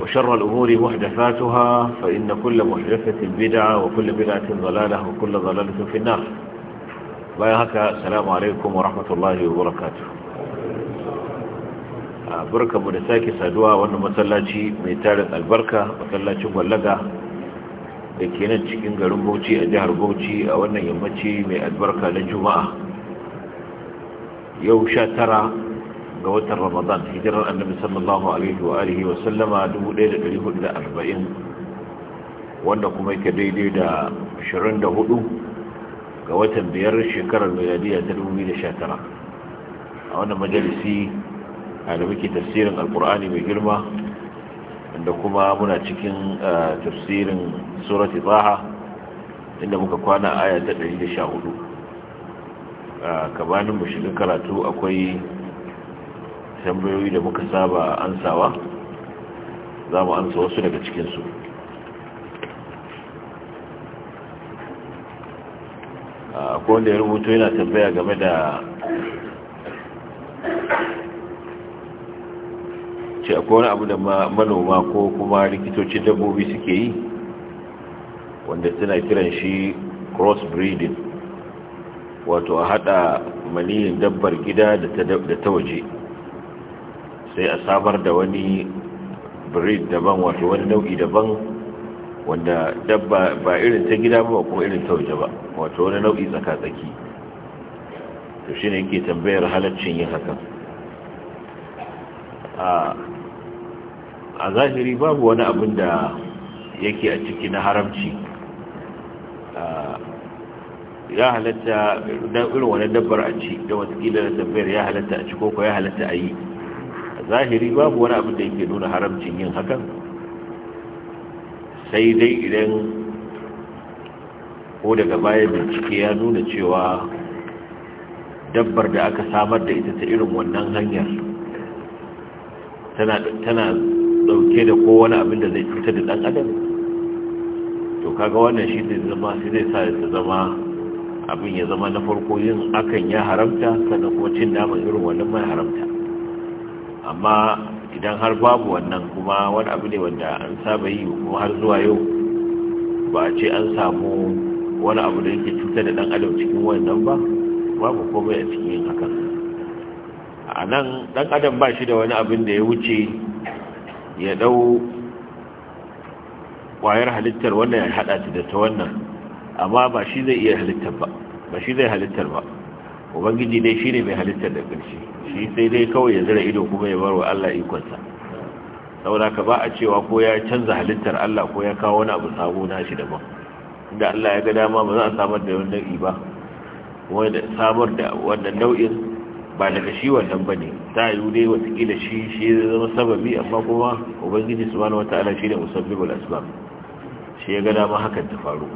وشر الأمور محدثاتها فإن كل محدثة بدعة وكل بدعة ضلالة وكل ضلالة في النار بايهك السلام عليكم ورحمة الله وبركاته بركة منساكي سادوا وأن مسلاتي ميتالة البركة مسلاتي مبلغة da ke nan cikin garin bauchi a jihar bauchi a wannan yammaci mai albarka na juma'a yau sha tara ga watan ramadan hijirar annabi sallallahu alaihi wa alihi wa sallama 1440 wanda kuma yake daidai da 24 ga watan biyar shekarar miladiya ta 2019 a wannan majalisi a da muke tafsirin alkur'ani mai girma da kuma muna cikin tafsirin surati baha inda muka kwana aya ta 114 gabanin mu shiga karatu akwai tambayoyi da muka saba ansawa za mu ansa wasu daga cikinsu ko wanda ya rubuto yana tambaya game da ce akwai wani abu da manoma ko kuma likitocin dabbobi suke yi wanda suna kiran shi crossbreeding wato a hada maniyin dabbar gida da ta waje sai a samar da wani breed daban wato wani nau'i daban wanda dabba ba irin ta gida ba kuma irin ta waje ba wato wani nau'i tsaka-tsaki to shi ne yake tambayar halaccin yin hakan a zahiri babu wani abin da yake a ciki na haramci ya halatta irin wani dabbar a ci da gida da tambayar ya halatta a ci koko ya halatta a yi zahiri babu wani abin da yake nuna haramcin yin hakan sai dai idan ko daga baya bincike ya nuna cewa dabbar da aka samar da ita ta irin wannan hanyar tana dauke da ko wani abin da zai cutar da dan adam to kaga wannan shi zai zama shi zai sa ta zama abin ya zama na farko yin akan ya haramta sannan kuma cin naman irin wannan mai haramta amma idan har babu wannan kuma wani abu ne wanda an saba yi kuma har zuwa yau ba a ce an samu wani abu da yake cutar da dan adam cikin wannan ba babu komai a cikin hakan a nan dan adam ba shi da wani abin da ya wuce ya dau kwayar halittar wannan ya hada ta da ta wannan amma ba shi zai iya halittar ba ba shi zai halittar ba ubangiji dai shine mai halittar da ƙarshe shi sai dai kawai ya zira ido kuma ya bar wa Allah ikonsa saboda ka ba a cewa ko ya canza halittar Allah ko ya kawo wani abu sabo na shi daban inda Allah ya ga dama ba za a samar da wani nau'i ba da samar da wannan nau'in ba daga shi wannan bane ta yi dai watakila shi shi zama sababi amma kuma ubangiji subhanahu wataala shi ne musabbibul asbab shi ya ga dama hakan ta faru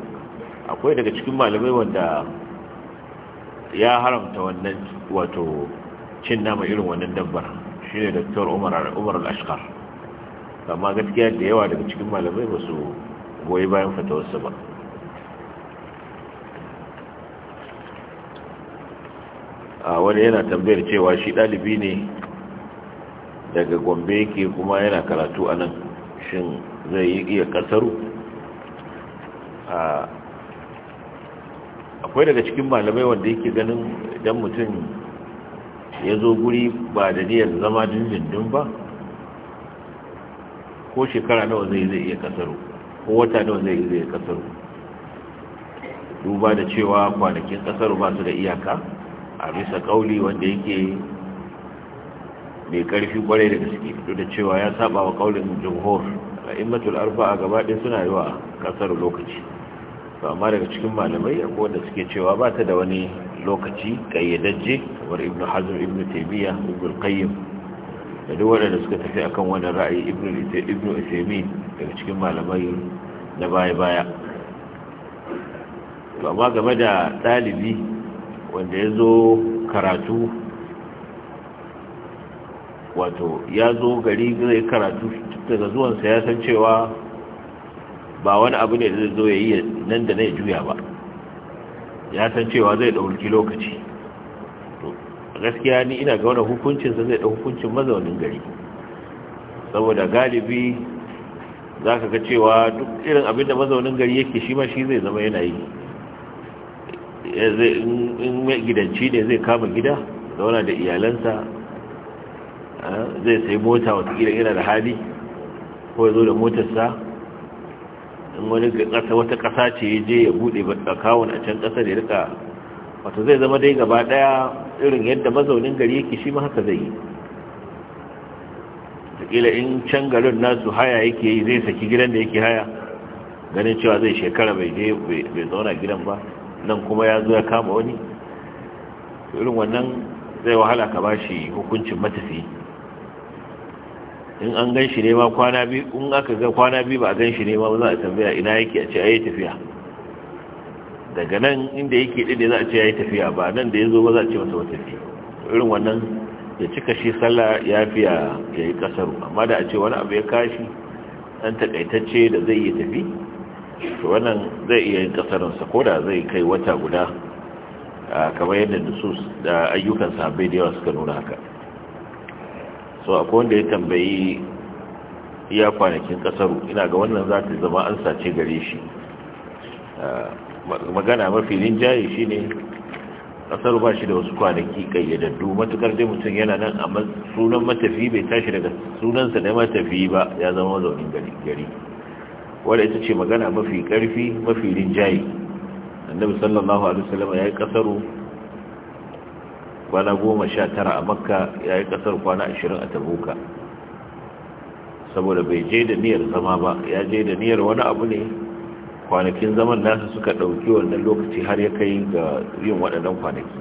akwai daga cikin malamai wanda ya haramta wannan wato cin nama irin wannan dabbar shi ne Daktar Umar al amma gaskiya da yawa daga cikin malamai ba su goyi bayan fatawarsa ba a wani yana tambayar cewa shi ɗalibi ne daga gombe yake kuma yana karatu a nan shin zai iya kasaru a akwai daga cikin malamai wanda yake ganin idan mutum ya zo guri ba da niyyar zama dindindin ba ko shekara nawa zai zai iya kasaro ko wata nawa zai zai kasaro duba da cewa kwanakin kasaro ba su da iyaka a bisa kauli wanda yake mai karfi kwarai da gaske duk da cewa ya saba wa kaulin jumhur a'immatul arba'a gaba ɗaya suna yi wa kasaro lokaci to amma daga cikin malamai ko da suke cewa ba ta da wani lokaci kayyadajje kamar ibnu hazm ibnu taymiya ibnu qayyim da duk wanda suka tafi akan wannan ra'ayi ibnu ibnu usaymin daga cikin malamai na baya baya to amma game da dalibi wanda ya zo karatu wato ya zo gari zai karatu daga zuwansa ya san cewa ba wani abu ne da zo ya yi nan da zai juya ba ya san cewa zai ɗauki lokaci gaskiya ni ina ga wani hukuncinsa zai ɗau hukuncin mazaunin gari saboda galibi za ka ga cewa duk irin abinda mazaunin gari yake shi ma shi zai zama yana yi in gidanci ne zai kama gida zauna da iyalansa ah, zai sai mota watakila yana da hali ko ya zo da motarsa in wani ƙasa wata ƙasa ce ya je ya buɗe akawun a can da ya rika wata zai zama dai gaba daya irin yadda mazaunin gari yake shi ma haka zai yi kila in can garin nasu haya yake yi zai saki gidan da yake haya ganin cewa zai shekara bai je bai zauna gidan ba nan kuma ya zo ya kama wani irin wannan zai wahala ka ba shi hukuncin matafi in an gan shi ne ma kwana biyu in aka ga kwana biyu ba a gan shi ne ma za a tambaya ina yake a ce ayi tafiya daga nan inda yake ɗin za a ce ayi tafiya ba nan da ya zo ba za a ce masa wata tafiya irin wannan ya cika shi sallah ya fi ya yi kasaru amma da a ce wani abu ya kashi ɗan takaitacce da zai yi tafi to wannan zai iya yin kasarunsa ko da zai kai wata guda kamar yadda nusus da ayyukan sahabbai da yawa suka nuna haka to akwai wanda ya tambayi iya kwanakin kasaru ina ga wannan za ta zama an sace gare shi ah, magana mafi linjaye shi ne kasar ba shi da wasu kwanaki kayyadaddu matukar dai mutum yana nan a sunan matafi bai tashi daga sunansa na matafi ba ya zama mazaunin gari wadda ita ce magana mafi karfi mafi rinjaye annabi sallallahu alaihi wasallam ya yi kasaru kwana goma sha tara a makka ya yi kasar kwana ashirin a tabuka saboda bai je da niyyar zama ba ya je da niyyar wani abu ne kwanakin zaman nasa suka ɗauki wannan lokaci har ya kai ga yin waɗannan kwanaki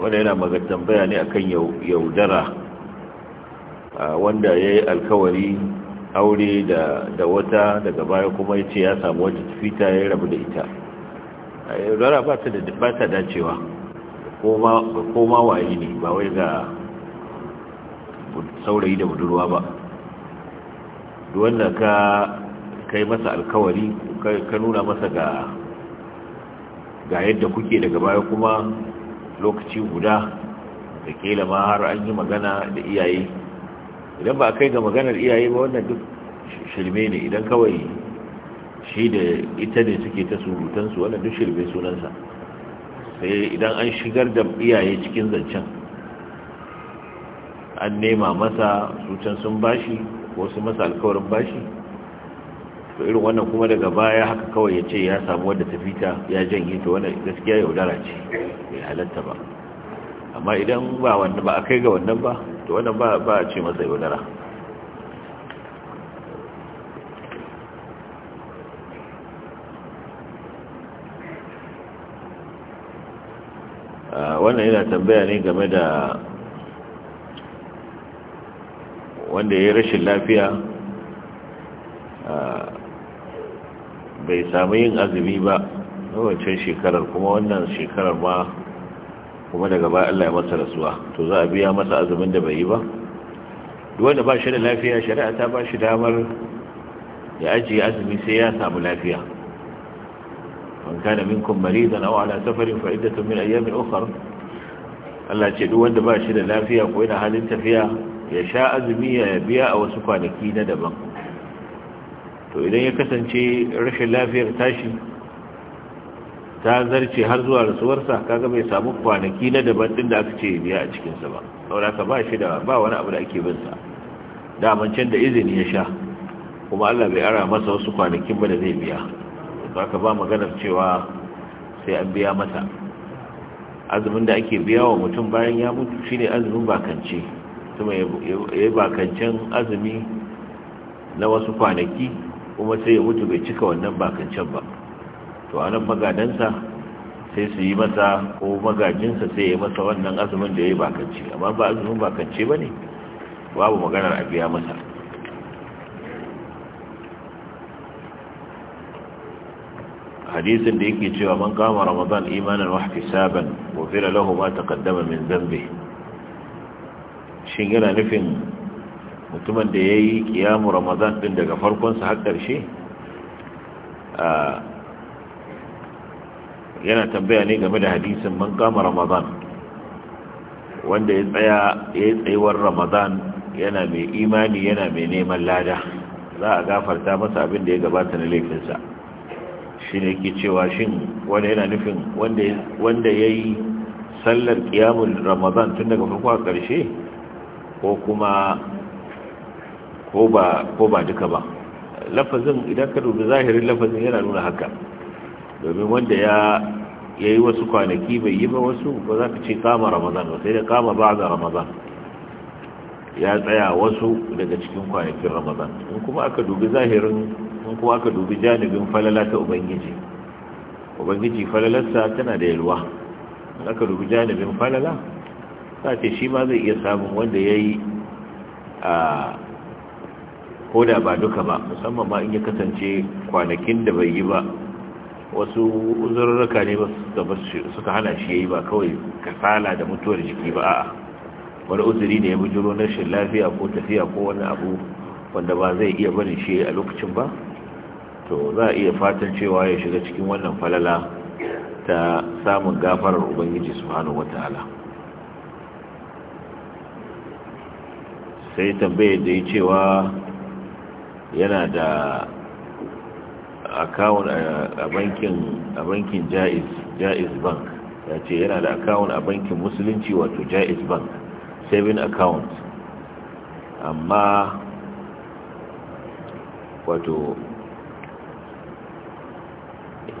wanda yana magatan bayani akan yaudara wanda ya yi alkawari aure da wata daga baya kuma ya ce ya samu wata fita ya rabu da ita rara ba ta da ba ta dacewa ko ma waye ne ba wai ga saurayi da budurwa ba wanda ka kai masa alkawari ka nuna masa ga ga yadda kuke daga baya kuma lokaci guda da kela ma har an yi magana da iyaye idan ba a kai ga maganar iyaye ba wannan duk shirme ne idan kawai shi da ita ne suke ta surutansu wannan duk shirme sunansa sai idan an shigar da iyaye cikin zancen an nema masa sucan sun bashi ko su masa alkawarin bashi to irin wannan kuma daga baya haka kawai ya ce ya samu wadda ta fita ya janye ta wannan gaskiya yaudara ce mai halatta ba amma idan ba wannan ba a kai ga wannan ba to wannan ba ba a ce masa yaudara ah, wannan yana tambaya ne game da wanda ya yi rashin lafiya ah, bai sami yin azumi ba na wancan shekarar kuma wannan shekarar ma kuma daga ba Allah ya masa rasuwa to za a biya masa azumin da bai yi ba wanda ba shi da lafiya shari'a ta ba shi damar ya ajiye azumi sai ya samu lafiya man kana minkum maridan aw ala safarin fa iddatu min ayyamin ukhra Allah ce duk wanda ba shi da lafiya ko yana halin tafiya ya sha azumi ya biya a wasu kwanaki na daban to idan ya kasance rashin lafiyar tashi ta zarce har zuwa rasuwarsa kaga mai samu kwanaki na daban din da aka ce biya a cikinsa ba saboda ba shi da ba wani abu da ake bin sa daman can da izini ya sha kuma Allah bai ara masa wasu kwanakin ba da zai biya ba ka ba maganar cewa sai an biya masa azumin da ake biya wa mutum bayan ya mutu shine azumin bakance kuma ya bakancen azumi na wasu kwanaki kuma sai ya mutu bai cika wannan bakancen ba to anan magadansa sai su yi masa ko magajinsa sai ya yi masa wannan azumin da ya yi bakance amma ba azumin bakance ba ne babu maganar a biya masa hadisin da yake cewa man kama ramadan imanin wahki saban wafira lahu ma takaddama min zambe shin yana nufin mutumin da ya yi kiyamu ramadan ɗin daga farkonsa har ƙarshe ah, yana tambaya ne game da hadisin man kama ramadan wanda ya tsaya ya tsayuwar ramadan yana mai imani yana mai neman lada za a gafarta masa abin da ya gabata na laifinsa shi ne ke cewa shin wanda yana nufin wanda ya yi sallar kiyamun ramadan tun daga farko a ƙarshe ko kuma ko ba duka ba lafazin idan ka dubi zahirin lafazin yana nuna haka domin wanda ya yayi wasu kwanaki bai yi ba wasu ba za ka ce kama ramadan ba sai da kama ba ga ramadan ya tsaya wasu daga cikin kwanakin ramadan in kuma aka dubi zahirin in kuma aka dubi janibin falala ta ubangiji ubangiji falalarsa tana da yalwa in aka dubi janibin falala za ce shi ma zai iya samun wanda ya yi a koda ba duka ba musamman ma in ya kasance kwanakin da bai yi ba wasu uzurruka ne ba suka hana shi ya yi ba kawai kasala da mutuwar jiki ba a'a wani uzuri ne ya bujiro na shi lafiya ko tafiya ko wani abu wanda ba zai iya barin shi a lokacin ba to za a iya fatan cewa ya shiga cikin wannan falala ta samun gafarar ubangiji subhanahu wataala sai tambayar da ya cewa yana da akawun a bankin jaiz bank ya ce yana da akawun a bankin musulunci wato jaiz bank saving account amma wato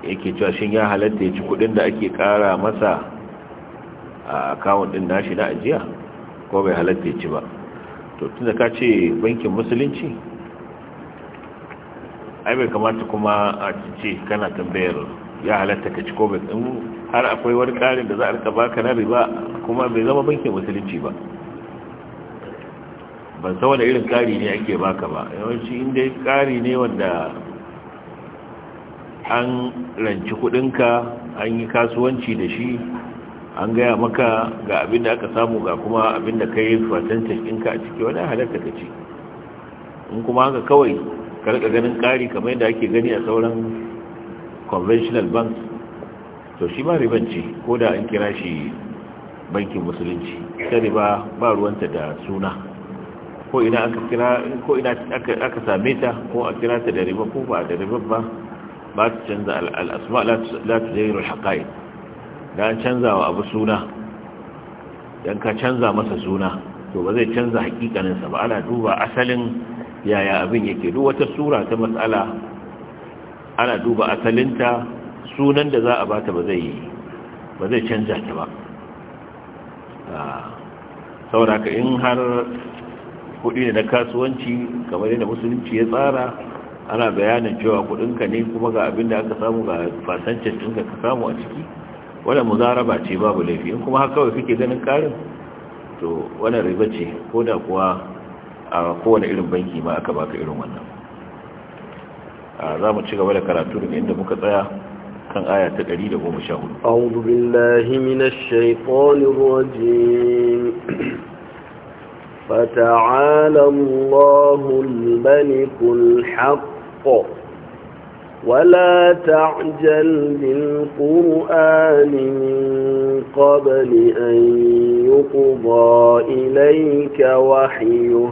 yake cewa shi ya halatta ya ci kudin da ake kara masa a akawun din nashi na ajiya ko bai halatta ya ci ba to tun da ka ce bankin musulunci ai bai kamata kuma a ce kana tambayar ya halatta ka ci ko bai in har akwai wani karin da za a rika baka na riba kuma bai zama bankin musulunci ba ban san wani irin kari ne ake baka ba yawanci inda kari ne wanda an ranci kuɗinka an yi kasuwanci da shi an gaya maka ga abin da aka samu ga kuma abin da ka yi fatan cikinka a ciki wani halatta ka ci in kuma haka kawai karka ganin ƙari kamar yadda ake gani a sauran conventional banks to shi ma ribanci ko da an kira shi bankin musulunci ta riba ba ruwanta da suna ko ina aka kira ko ina aka same ta ko a kira ta da riba ko ba da riba ba ba ta canza al'asma la ta zai al kai da an canza wa abu suna dan ka canza masa suna to ba zai canza hakikaninsa ba ana duba asalin yaya abin yake duk wata sura ta matsala ana duba asalinta sunan da za a bata ba zai ba zai canja ta ba ah, sauraka in har kudi ne na kasuwanci kamar yadda musulunci ya tsara ana bayanin cewa kudinka ne kuma ga abin da aka samu ga fasancin da ka samu a ciki wadda muzaraba ce babu laifi in kuma haka kawai kake ganin karin to wadda riba ce ko da kuwa a kowane irin banki ma aka baka irin wannan za mu ci gaba da karatu daga inda muka tsaya kan aya ta 114 a'udhu billahi minash shaitanir rajim fata'ala Allahu al-malikul haqq ولا تعجل بالقرآن من قبل أن يقضى إليك وحيه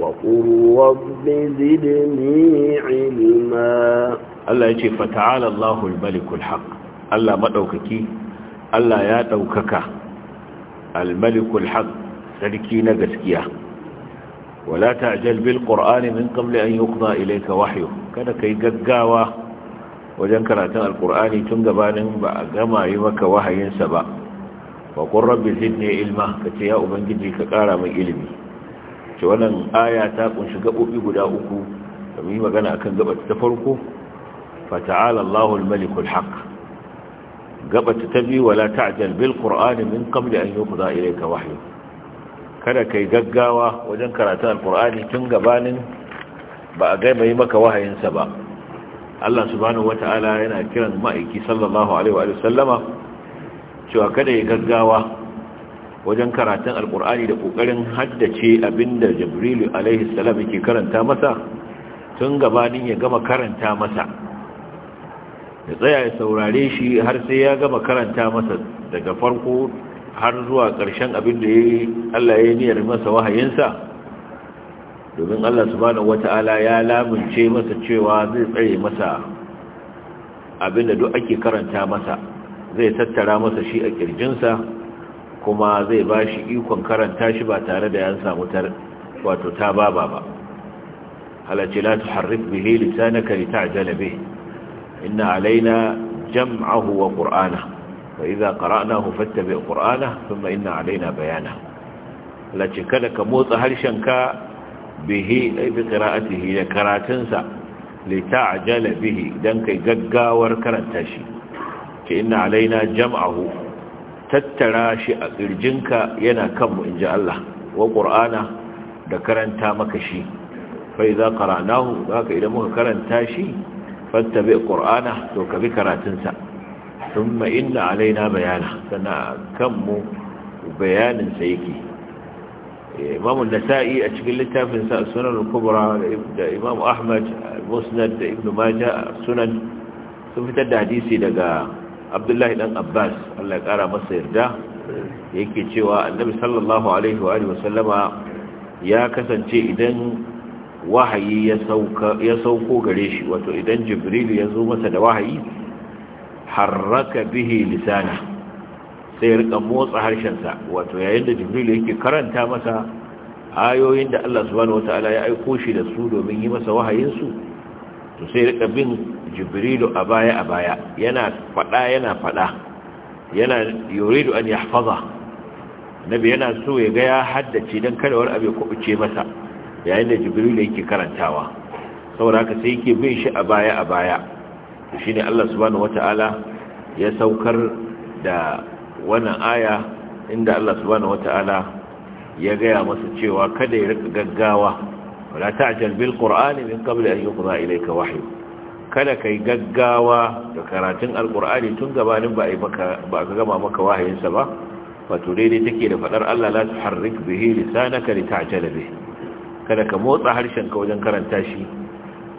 وقل رب زدني علما الله يجي فتعالى الله الملك الحق الله مدوككي الله يا دوكك الملك الحق سلكي نغسكيا ولا تعجل بالقرآن من قبل أن يقضى إليك وحيه كان كي ققاوة وجن كراتان القرآن تنقبان بأقما يمك وحي سبا وقل رب زدني علما كتياء من جدي كقارا من علمي ce wannan aya ta kunshi gaɓoɓi guda uku da mu yi magana akan gabata ta farko fata'ala Allahul malikul haq Gabata ta biyu wala ta'jal bil qur'ani min qabli an yuqda ilayka wahyu kada kai gaggawa wajen karatun alqur'ani tun gabanin ba a ga mai maka wahayinsa ba Allah subhanahu wata'ala yana kiran ma'aiki sallallahu alaihi wa sallama cewa kada ya gaggawa wajen karatun alkur'ani da kokarin haddace abinda jibrilu alaihi salam yake karanta masa tun gabanin ya gama karanta masa ya tsaya ya saurare shi har sai ya gama karanta masa daga farko har zuwa ƙarshen abinda ya Allah ya niyyar masa wahayinsa domin Allah subhanahu wata'ala ya lamunce masa cewa zai tsare masa abinda duk ake karanta masa zai tattara masa shi a kirjinsa kuma zai ba shi ikon karanta shi ba tare da 'yan samu wato ta baba ba halacci la tuharrif bihi lisanaka litajala bih inna alaina jam'ahu wa qur'ana wa idza qara'nahu fattabi' qur'ana thumma ina alaina bayana halacci kada ka motsa harshenka ka bihi ay bi qira'atihi da karatunsa litajala bihi dan kai gaggawar karanta shi Ke ina alaina jam'ahu tattara shi a ƙirjinka yana kanmu in ji Allah wa ƙur'ana da karanta maka shi fai za ƙaranahu za ka idan muka karanta shi fatta bai ƙur'ana to ka bi karatunsa sun ma'ina alaina bayana sana kanmu bayaninsa yake eh, imam nasa'i a cikin littafin sa sunan kubra da imam ahmad musnad da ibn majah sunan sun fitar da hadisi daga abdullahi dan abbas allah ya kara masa yarda yake cewa annabi sallallahu alaihi wa alihi wasallama ya kasance idan wahayi ya sauka ya sauko gare shi wato idan jibril ya zo masa da wahayi harraka bihi lisana sai rika motsa harshen sa wato yayin da jibril yake karanta masa ayoyin da Allah subhanahu wataala ya aiko shi da su domin yi masa wahayin su to sai rika bin jibrilu a baya a baya yana fada yana fada yana yuridu an yahfaza nabi yana so ya ga ya haddace dan kada wani abu ya kubuce masa yayin da jibrilu yake karantawa saboda haka sai yake bin shi a baya a baya shine Allah subhanahu wataala ya saukar da wannan aya inda Allah subhanahu wataala ya gaya masa cewa kada ya rika gaggawa wala ta'jal bil qur'ani min qabli an yuqda ilayka wahyu kada ka yi gaggawa da karatun alkur'ani tun gabanin ba a ka gama maka wahayinsa ba wato daidai take da faɗar allah la tuharrik bihi lisanaka li ta'jala bihi kada ka motsa harshen ka wajen karanta shi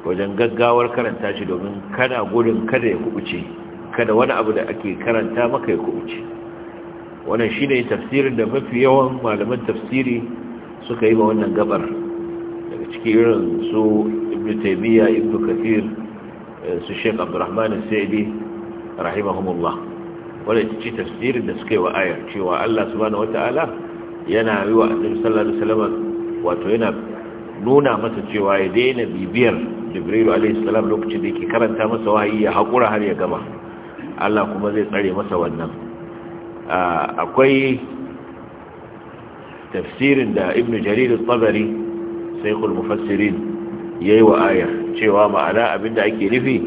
wajen gaggawar karanta shi domin kana gudun kada ya kubuce kada wani abu da ake karanta maka ya kubuce wannan shine tafsirin da mafi yawan malaman tafsiri suka yi ba wannan gabar daga cikin irin su ibnu taymiya ibnu kathir su sheik abdurrahman sa'idi rahimahumullah wanda ita ce tafsirin da suka yi wa ayar cewa allah subhanahu wata'ala yana yi wa annabi sallallahu alaihi wasallam wato yana nuna masa cewa ya daina bibiyar jibrilu alaihi salam lokacin da yake karanta masa wahayi ya hakura har ya gama allah kuma zai tsare masa wannan akwai tafsirin da ibn jarir al-tabari shaykhul mufassirin yayi wa ayar cewa ma'ana abinda ake nufi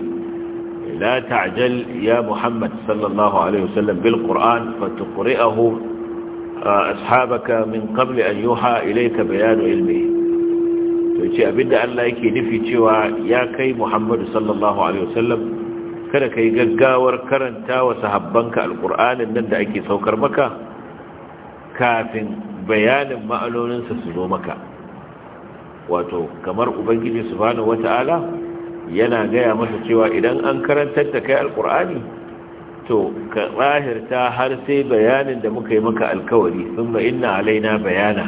la ta'jal ya muhammad sallallahu alaihi wasallam bil qur'an fatuqri'ahu ah, ashabaka min qabl an yuha ilayka bayan ilmi to ce abinda Allah yake nufi cewa ya kai muhammad sallallahu alaihi wasallam kada kai gaggawar karanta wa sahabbanka alqur'anin nan da ake saukar maka kafin bayanin ma'anoninsa su zo maka wato kamar ubangiji subhanahu wata'ala yana gaya masa cewa idan an karantar da kai alkur'ani to ka tsahirta har sai bayanin da muka yi maka alkawari sun inna alaina bayana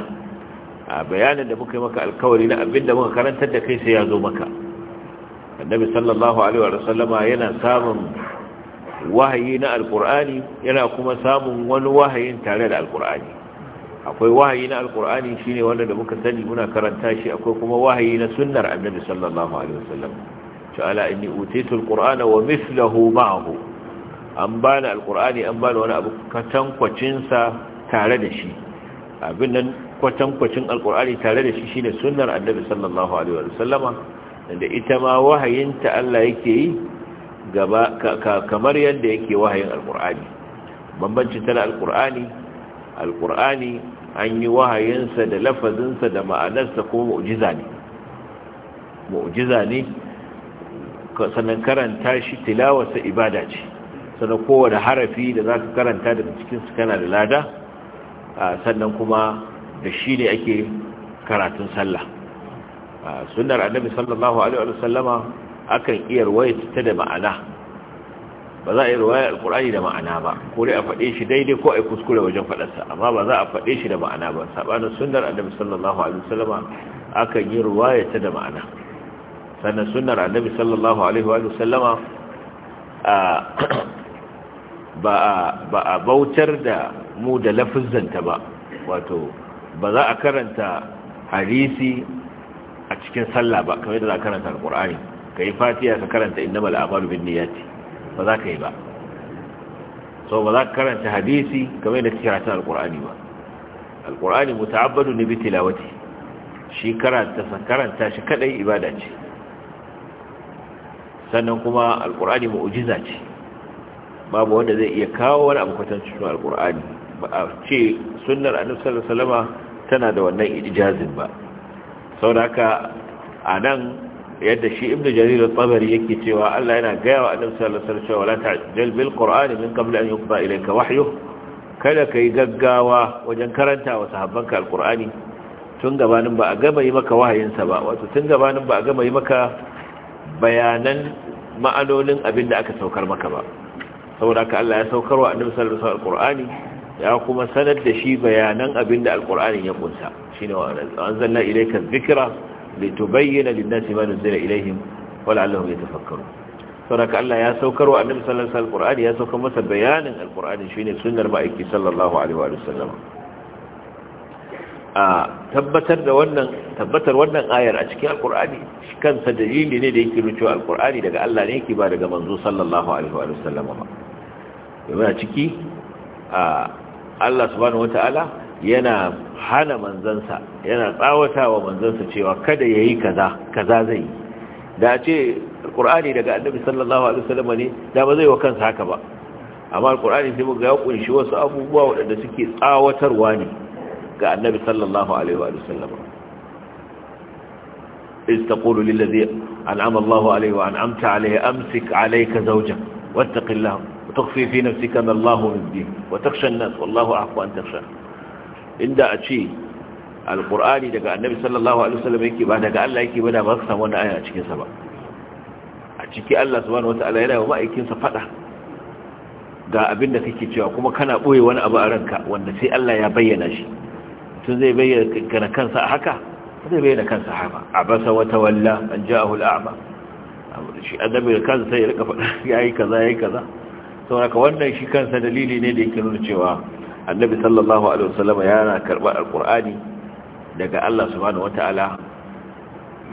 a bayanin da muka yi maka alkawari na abinda muka karantar da kai sai ya zo maka annabi sallallahu alaihi wa yana samun wahayi na alkur'ani yana kuma samun wani wahayin tare da alkur'ani akwai wahayi na alkur'ani shine wanda da muka sani muna karanta shi akwai kuma wahayi na sunnar annabi sallallahu alaihi wasallam ta'ala inni utitu alqur'ana wa mithluhu ma'ahu an bani alqur'ani an bani wani abu kwatankwacin sa tare da shi abin nan kwatankwacin alqur'ani tare da shi shine sunnar annabi sallallahu alaihi wasallama da ita ma wahayinta Allah yake yi gaba kamar yadda yake wahayin alqur'ani bambancin tana alqur'ani alqur'ani an yi wahayinsa da lafazinsa da ma'anarsa ko mu'jiza ne mu'jiza ne sannan karanta shi tilawarsa ibada ce sannan kowane harafi da za ka karanta daga cikinsu kana da lada sannan kuma da shi ne ake karatun sallah sunar annabi sallallahu alaihi wasallama akan iya ruwaita ta da ma'ana ba za a yi ruwaya alkur'ani da ma'ana ba ko dai a faɗe shi daidai ko a yi kuskure wajen faɗarsa amma ba za a faɗe shi da ma'ana ba saɓanin sunnar annabi sallallahu alaihi wasallam aka yi ruwaya ta da ma'ana sannan sunnar annabi sallallahu alaihi ba a bautar da mu da lafuzzanta ba wato ba za a karanta hadisi a cikin sallah ba kamar da za a karanta alkur'ani ka yi fatiya ka karanta innamal bin binniyati ba za ka yi ba Sau ba za ka karanta hadisi game da kake karatun alkur'ani ba Alƙur'ani muta'abbadu ne bi tilawati shi karanta shi kadai ibada ce sannan kuma alkur'ani mu'ujiza ce babu wanda zai iya kawo wani abu kwatancin alkur'ani ba a ce sunnar annabi Salama tana da wannan ijazin ba Sau da haka a nan yadda shi ibnu jarir al-tabari yake cewa Allah yana gaya wa annabi sallallahu alaihi wasallam la ta'jal bil qur'ani min qabl an yuqda ilayka wahyu kada kai gaggawa wajen karanta wa sahabbanka al-qur'ani tun gabanin ba a gama yi maka wahayin sa ba wato tun gabanin ba a gama yi maka bayanan ma'anonin abin da aka saukar maka ba saboda haka Allah ya saukar wa annabi sallallahu alaihi wasallam al-qur'ani ya kuma sanar da shi bayanan abin da al-qur'ani ya kunsa shine wa anzalna ilayka dhikra litubayyana lin-nasi ma nuzila ilayhim wa la'allahum yatafakkarun saboda Allah ya saukar wa Annabi sallallahu alaihi wasallam ya saukar masa bayanin al-Qur'ani shine sunnar ma'aiki sallallahu alaihi wa sallam a tabbatar da wannan tabbatar wannan ayar a cikin al-Qur'ani kansa dalili ne da yake rubuta al-Qur'ani daga Allah ne yake ba daga manzo sallallahu alaihi wa sallam ba yana ciki a Allah subhanahu wataala yana hana manzansa yana tsawatawa manzansa cewa kada ya yi kaza kaza zai yi. da ce ƙurani daga annabi sallallahu alaihi wasallam ne da ba zai wa kansa haka ba amma qur'ani sai muga ya kunshi wasu abubuwa waɗanda suke tsawatarwa ne ga annabi sallallahu alaihi wasallam istaqulu lil ladhi an'ama Allahu alaihi wa an'amta alaihi amsik alayka zawjak wattaqillah وتخفي في نفسك ما الله مبديه وتخشى الناس والله أحق أن تخشاه inda a ce alkur'ani daga annabi sallallahu alaihi wasallam yake ba daga Allah yake ba da ba su samu wannan aya a cikin sa ba a ciki Allah subhanahu wataala yana wa ma'aikin sa fada ga abin da kake cewa kuma kana boye wani abu a ranka wanda sai Allah ya bayyana shi tun zai bayyana kansa a haka zai bayyana kansa haka abasa wa tawalla an ja'ahu al'ama shi annabi kansa sai ya rika fada yayi kaza yayi kaza saboda wannan shi kansa dalili ne da yake nuna cewa annabi sallallahu alaihi wasallam yana karɓar alqur'ani daga Allah subhanahu wataala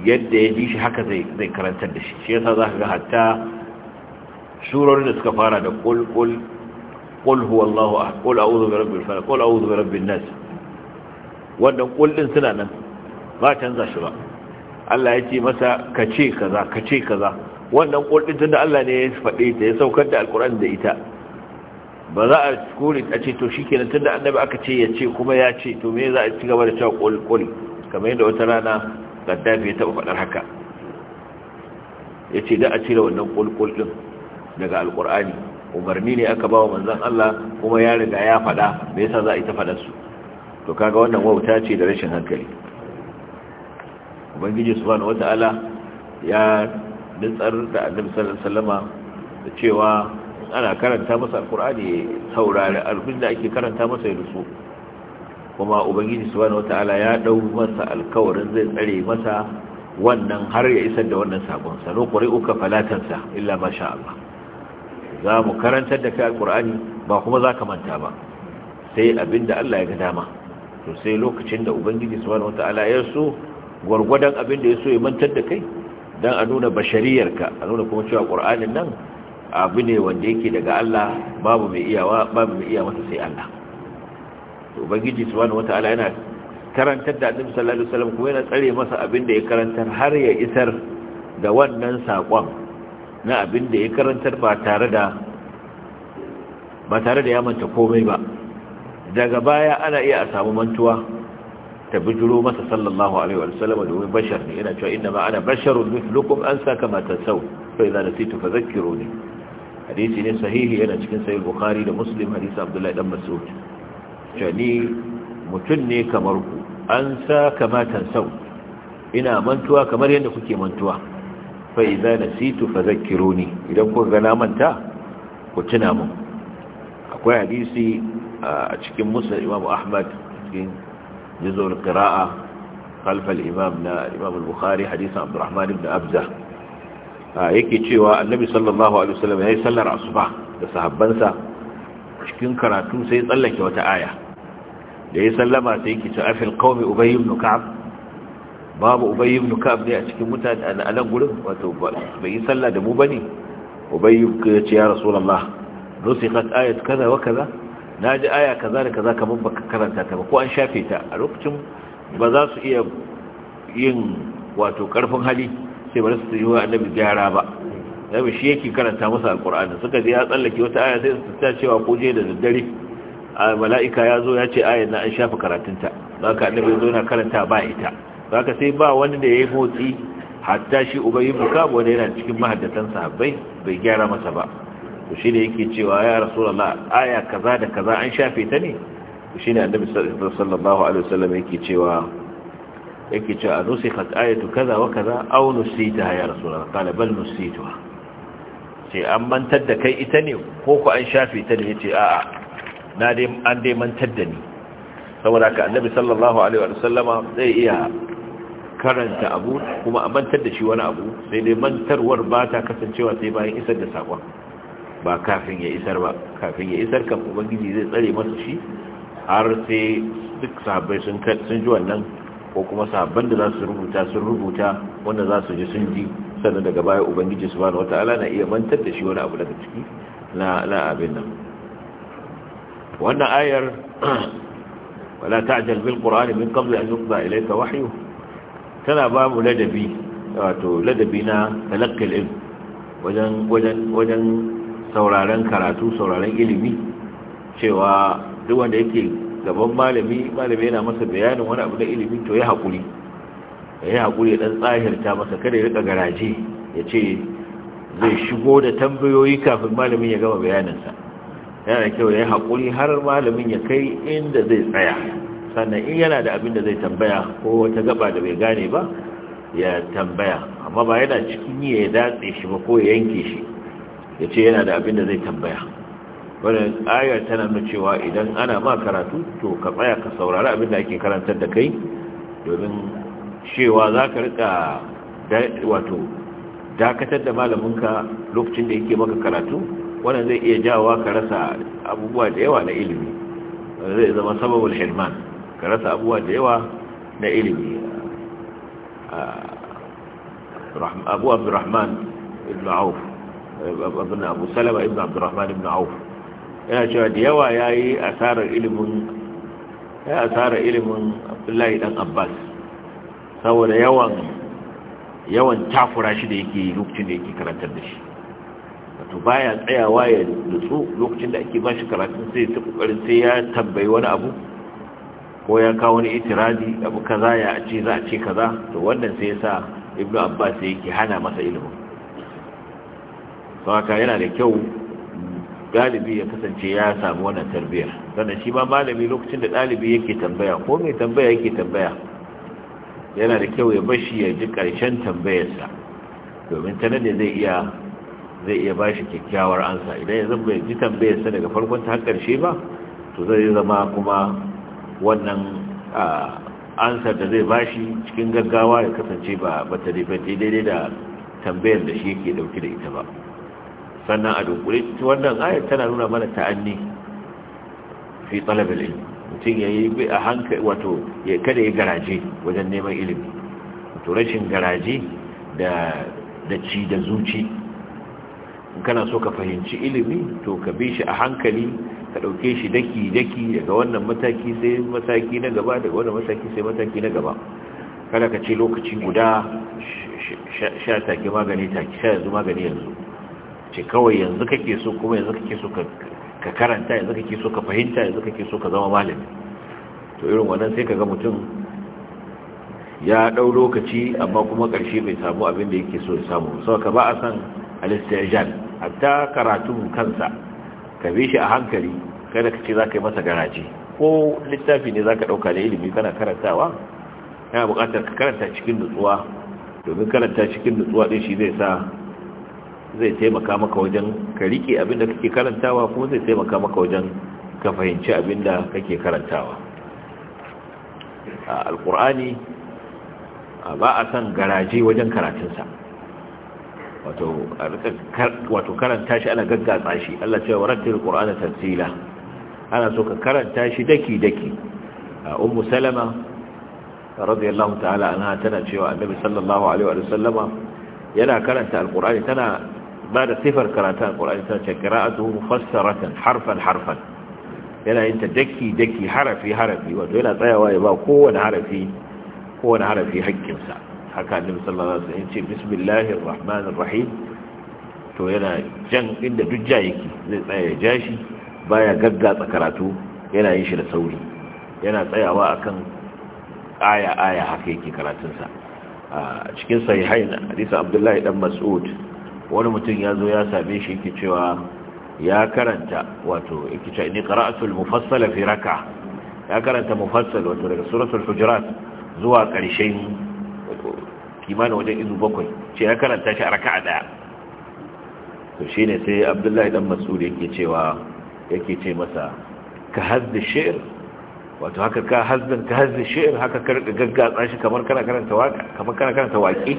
yadda ya ji shi haka zai zai karantar da shi shi yasa zaka ga hatta surorin da suka fara da qul qul qul huwallahu ahad qul a'udhu birabbil falaq qul a'udhu birabbin nas wannan qul din suna nan ba canza shi ba Allah ya ce masa ka ce kaza ka ce kaza wannan qul din tunda Allah ne ya faɗe ta ya saukar da alqur'ani da ita ba za a kore a ce to shi kenan tun da annabi aka ce ya ce kuma ya ce to me za a ci gaba da cewa koli kamar yadda wata rana gaddafi ya taɓa faɗar haka ya ce da a cire wannan kulkul ɗin daga alƙur'ani umarni ne aka ba wa manzan Allah kuma ya riga ya faɗa me yasa za a yi ta faɗar su to kaga wannan wauta ce da rashin hankali ubangiji subhanahu wata'ala ya nutsar da annabi sallallahu alaihi wasallama da cewa ana karanta masa alkur'ani ya saurari abin da ake karanta masa ya rusu kuma ubangiji subhanahu wata'ala ya dau masa alkawarin zai tsare masa wannan har ya isar da wannan sakon sa no uka falatansa illa ma sha Allah za mu karantar da kai alkur'ani ba kuma za ka manta ba sai abinda Allah ya ga dama to sai lokacin da ubangiji subhanahu wata'ala ya so gwargwadon abinda ya so ya mantar da kai dan a nuna bashariyarka a nuna kuma cewa qur'anin nan abu ne wanda yake daga Allah babu mai iyawa babu mai iya masa sai Allah to bangiji subhanahu wataala yana karantar da annabi sallallahu alaihi wasallam kuma yana tsare masa abin da ya karantar har ya isar da wannan sakon na abin da ya karantar ba tare da ba tare da ya manta komai ba daga baya ana iya a samu mantuwa ta bijiro masa sallallahu alaihi wasallam domin bashar ne yana cewa inna ma ana basharun mithlukum an saka ma tasau fa idza nasitu hadisi ne sahihi yana cikin sahih bukhari da muslim hadisi abdullahi dan mas'ud ni mutun ne kamar ku an sa kamatan sau ina mantuwa kamar yadda kuke mantuwa fa idza nasitu fadhakkiruni idan ku ga na manta ku tuna mu akwai hadisi a cikin musnad imam ahmad cikin juzul qira'a خلف الإمام الإمام البخاري حديث عبد الرحمن بن yake cewa annabi sallallahu alaihi wasallam yayi sallar asuba da sahabbansa cikin karatu sai ya tsallake wata aya da ya sallama sai yake cewa afil qaumi ubay ibn ka'ab babu ubay ibn ka'ab ne a cikin mutane a nan gurin wato bai yi sallah da mu bane ubay ya ce ya rasulullah nusikhat ayat kaza wa kaza naji aya kaza da kaza kamar baka karanta ta ba ko an shafe ta a lokacin ba za su iya yin wato karfin hali sai bari su yi wa annabi gyara ba annabi shi yake karanta musu alqur'ani suka je ya tsallake wata aya sai su ta cewa ko je da daddare a mala'ika ya zo ya ce ayana na an shafa karatunta za ka annabi zo na karanta ba ita ba ka sai ba wani da ya yi motsi hatta shi buka bukabu wanda yana cikin mahaddatan sahabbai bai gyara masa ba to shi ne yake cewa ya rasulallah aya kaza da kaza an shafe ta ne shi ne annabi sallallahu alaihi wasallam yake cewa yake cewa a nusikhat ayatu kaza wa kaza aw nusitaha ya rasulullah kala bal nusituha ce an mantar da kai ita ne ko ku an shafe ita ne yace a'a na dai an dai mantar da ni saboda haka annabi sallallahu alaihi wasallama zai iya karanta abu kuma a mantar da shi wani abu sai dai mantarwar ba ta kasancewa sai bayan isar da saƙon ba kafin ya isar ba kafin ya isar kan ubangiji zai tsare masa shi har sai duk sahabbai sun ji wannan ko kuma sahabban da za su rubuta sun rubuta wanda za su ji sun ji sannan daga baya ubangiji subhanahu wataala na iya mantar da shi wani abu daga ciki na abin nan wannan ayar wala ta'jal bil qur'ani min qabl a yuqda ilayka wahyu tana ba mu ladabi wato ladabi na talaqqil ilm wajen wajen wajen karatu sauraren ilimi cewa duk wanda yake gaban malami malami yana masa bayanin wani abu na ilimi to ya haƙuri ya yi haƙuri ya ɗan tsahirta masa kada ya riƙa garaje ya ce zai shigo da tambayoyi kafin malamin ya gama bayaninsa yana da kyau ya yi haƙuri har malamin ya kai inda zai tsaya sannan in yana da abin da zai tambaya ko wata gaba da bai gane ba ya tambaya amma ba yana cikin yi ya datse shi ba ko ya yanke shi ya ce yana da abin da zai tambaya wannan ayar tana nuna idan ana ma karatu to ka tsaya ka saurari abinda ake karantar da kai domin cewa za ka rika wato dakatar da malaminka lokacin da yake maka karatu wannan zai iya jawowa ka rasa abubuwa da yawa na ilimi zai zama sababin hirman ka rasa abubuwa da yawa na ilimi abu abdurrahman ibn auf abin abu salama ibn abdurrahman ibn auf yana cewa da yawa ya yi asarar ilimin ya abdullahi dan abbas saboda yawan yawan takura shi da yake lokacin da yake karantar da shi wato baya tsayawa ya nutsu lokacin da ake ba shi karatun sai ta kokarin sai ya tambayi wani abu ko ya kawo wani itiradi abu kaza ya ce za a ce kaza to wannan sai ya sa ibnu abbas yake hana masa ilimin saboda yana da kyau galibi ya kasance ya samu wannan tarbiyyar sannan shi ma malami lokacin da dalibi yake tambaya ko mai tambaya yake tambaya yana da kyau ya bashi ya ji karshen tambayarsa domin ta nan zai iya zai iya bashi kyakkyawar ansa idan ya zama ji tambayarsa daga farkon ta har ba to zai zama kuma wannan ansar da zai bashi cikin gaggawa ya kasance ba ba ta daidai da tambayar da shi yake dauke da ita ba sannan a dunkule ta wannan ayar tana nuna mana ta'anni fi talabar ilmi mutum ya yi a hankali wato ya kada ya garaje wajen neman ilimi wato rashin garaje da da ci da zuci in kana so ka fahimci ilimi to ka bi shi a hankali ka ɗauke shi daki-daki daga wannan mataki sai mataki na gaba daga wannan mataki sai mataki na gaba kada ka ce lokaci guda sha take magani take sha yanzu magani yanzu ce kawai yanzu kake so kuma yanzu kake so ka karanta yanzu kake so ka fahimta yanzu kake so ka zama malami to irin wannan sai ka ga mutum ya dau lokaci amma kuma karshe bai samu abin da yake so ya samu ka ba a san alistair istijan hatta karatun kansa ka bi shi a hankali kada ka ce za ka yi masa garaji. ko littafi ne za ka ɗauka da ilimi kana karantawa yana buƙatar ka karanta cikin nutsuwa domin karanta cikin nutsuwa ɗin shi zai sa zai taimaka maka wajen ka rike abin da kake karantawa kuma zai taimaka maka wajen ka fahimci abin da kake karantawa alkur'ani ba a san garaje wajen karatunsa wato karanta shi ana gaggatsa shi Allah cewa warattil qur'ana tartila ana so ka karanta shi daki daki ummu salama radiyallahu ta'ala anha tana cewa annabi sallallahu alaihi wa sallama yana karanta alqur'ani tana ba da sifar karatu alqur'ani ta ce qira'atuhu mufassaratan harfan harfan yana yin ta daki daki harafi harafi wato yana tsayawa ya ba kowane harafi kowane harafi haƙƙinsa haka annabi sallallahu ce bismillahir rahmanir rahim to yana jan inda dujja yake zai tsaya ya ja shi baya gaggatsa karatu yana yin shi da sauri yana tsayawa a kan aya aya haka yake karatunsa a cikin sahihain hadisi abdullahi dan mas'ud wani mutum ya zo ya same shi yake cewa ya karanta wato yake cewa ni qara'atul mufassala fi raka ya karanta mufassal wato daga suratul hujurat zuwa ƙarshen kimanin wajen izu bakwai ce ya karanta shi a raka'a daya to shine sai Abdullahi dan Mas'ud yake cewa yake ce masa ka hazzi shi'r wato haka ka hazzin ka hazzi shi'r haka ka gaggatsa shi kamar kana karanta waka kamar kana karanta waƙi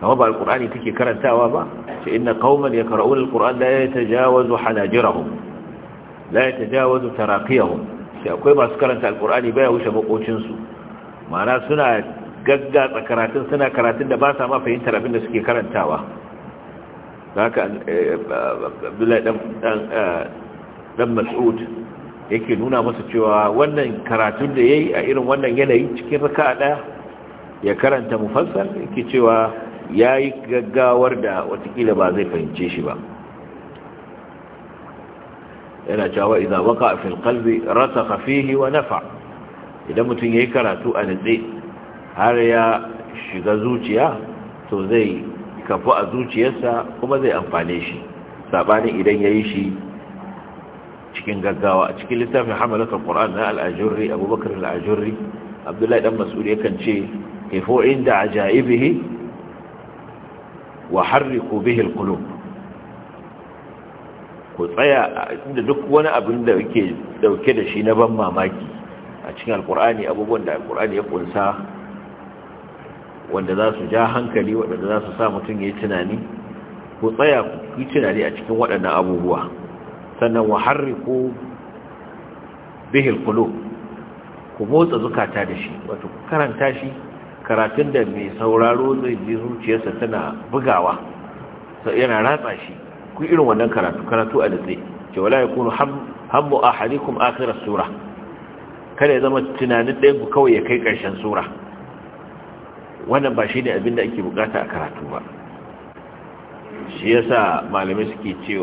kama ba alkur'ani take karantawa ba ce inna qauman yaqra'una alquran la yatajawazu hanajirahum la yatajawazu taraqiyahum sai akwai masu karanta alkur'ani ya wuce makocin su ma'ana suna gaggatsa karatun suna karatun da ba sa ma fahimtar abin da suke karantawa haka eh, abdullahi eh, dan mas'ud yake nuna masa cewa wannan karatun da yayi a irin wannan yanayi cikin raka'a daya ya karanta mufassal yake cewa ya yi gaggawar da watakila ba zai fahimce shi ba yana cewa idza waka fil qalbi rasakha fihi wa nafa idan mutum yayi karatu a nitse har ya shiga zuciya to zai kafu a zuciyarsa kuma zai amfane shi sabanin idan yayi shi cikin gaggawa a cikin littafin hamalat alquran na al-ajurri abubakar al-ajurri abdullahi dan masudi yakan ce kefo inda ajaibihi wa harriku bihil alqulub ku tsaya inda duk wani abin da ke dauke da shi na ban mamaki a cikin alqur'ani abubuwan da alqur'ani ya kunsa wanda za su ja hankali wanda za su sa mutum ya yi tunani ku tsaya ku yi tunani a cikin waɗannan abubuwa sannan wa harriku bihil alqulub ku motsa zukata da shi wato ku karanta shi karatun da mai sauraro zai ji zuciyarsa tana bugawa yana ratsa shi ku irin wannan karatu karatu a dutse ce wala yakunu hammu ahadikum akhir sura kada ya zama tunanin ɗayan ku kawai ya kai ƙarshen sura wannan ba shi ne abin da ake bukata a karatu ba shi yasa malamai suke ce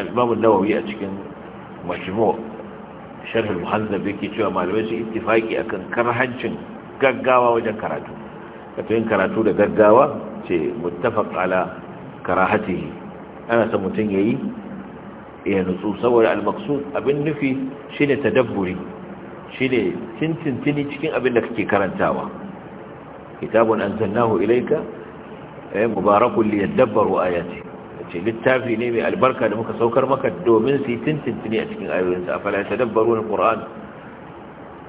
al-imam nawawi a cikin majmu' sharh al-muhazzab yake cewa malamai su ittifaqi akan karhancin gaggawa wajen karatu wato yin karatu da gaggawa ce muttafaq ala karahatihi ana son mutum yayi ya nutsu saboda al-maqsud abin nufi shine tadabburi shine tintintini cikin abin da kake karantawa kitabun anzalnahu ilayka ay eh, mubarakun liyadabbaru ayati ce littafi ne mai albarka da muka saukar maka domin su yi tintintini a cikin ayoyinsa afala tadabbaruna al-qur'an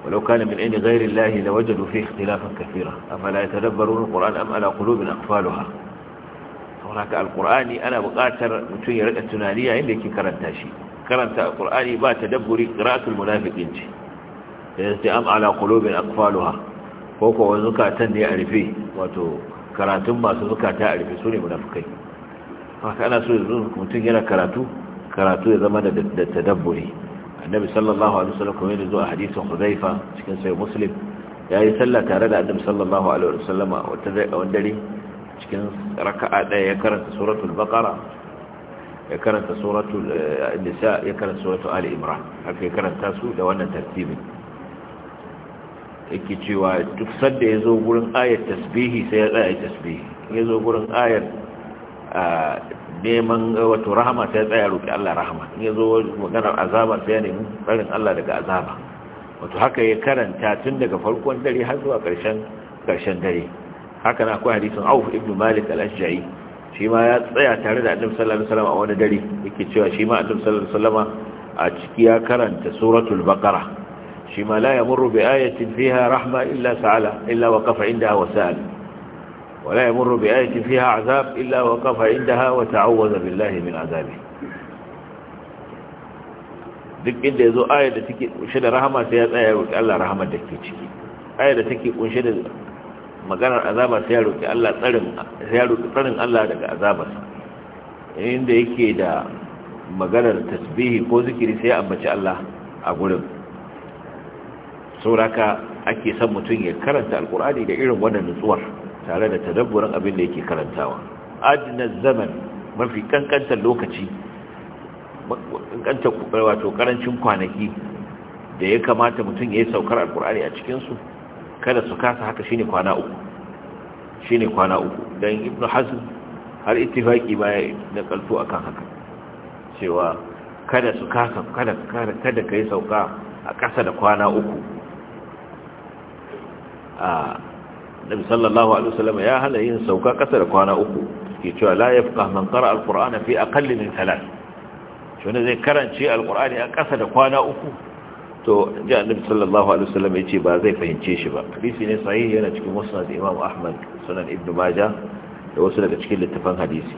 ولو كان من عند غير الله لوجدوا فيه اختلافا كثيرا أفلا يتدبرون القرآن أم على قلوب أقفالها هناك القرآن أنا بقاتر متون يرقى التنانية إلا كي كرنتا شيء كرنتا القرآن با تدبري قراءة المنافقين شيء أم على قلوب أقفالها فوق وزكاة يعرفيه وتو karatun masu zukata a rufe su ne munafukai haka ana so yanzu mutum yana karatu karatu ya zama da tadabburi annabi sallallahu alaihi wasallam kuma yana zuwa hadisin Hudhaifa cikin sai Muslim yayi sallah tare da annabi sallallahu alaihi wasallama wata dai a dare cikin raka'a daya ya karanta suratul baqara ya karanta suratul eh, nisa ya karanta suratul ali imran haka ya karanta su da wannan tartibin yake cewa duk sanda ya zo gurin ayar tasbihi sai ya tsaya tasbihi ya zo gurin ayar ah, neman eh, wato rahama sai tsaya roƙi Allah rahama in yazo maganar azaba sai ya nemi tsarin Allah daga azaba wato haka ya karanta tun daga farkon dare har zuwa ƙarshen ƙarshen dare haka na akwai hadisin Auf ibn Malik al-Ashja'i shi ma ya tsaya tare da Annabi sallallahu alaihi wasallam a wani dare yake cewa shi ma Annabi sallallahu alaihi wasallam a ciki ya karanta suratul baqara shi ma la yamurru bi ayatin fiha rahma illa sa'ala illa waqafa indaha wa sa'ala ولا يمر بآية فيها عذاب إلا وقف عندها وتعوذ بالله من عذابه duk inda ya zo ayar da take kunshe da rahama sai ya tsaya roƙi Allah rahama da ke ciki ayar da take kunshe da maganar azaba sai ya roƙi Allah tsarin sai ya roƙi tsarin Allah daga azabar inda yake da maganar tasbihi ko zikiri sai ya ambaci Allah a gurin sauraka ake son mutum ya karanta Alƙur'ani da irin wannan nutsuwar tare da tadabburin abin da yake karantawa adna zaman mafi kankantar lokaci kankantar wato karancin kwanaki da ya kamata mutum ya yi saukar alkur'ani a cikinsu kada su kasa haka shine kwana uku shine kwana uku don ibnu hazm har ittifaki baya da kalto akan haka cewa kada su kasa kada kada kada kai sauka a ƙasa da kwana uku a ah, annabi sallallahu alaihi wasallam ya hana yin sauka kasa da kwana uku ke cewa la yafqa man qara alqur'ana fi aqall min thalath shi zai karance alqur'ani a kasa da kwana uku to ji annabi sallallahu alaihi wasallam yace ba zai fahince shi ba hadisi ne sahihi yana cikin musnad imam ahmad sunan ibnu majah da wasu daga cikin littafan hadisi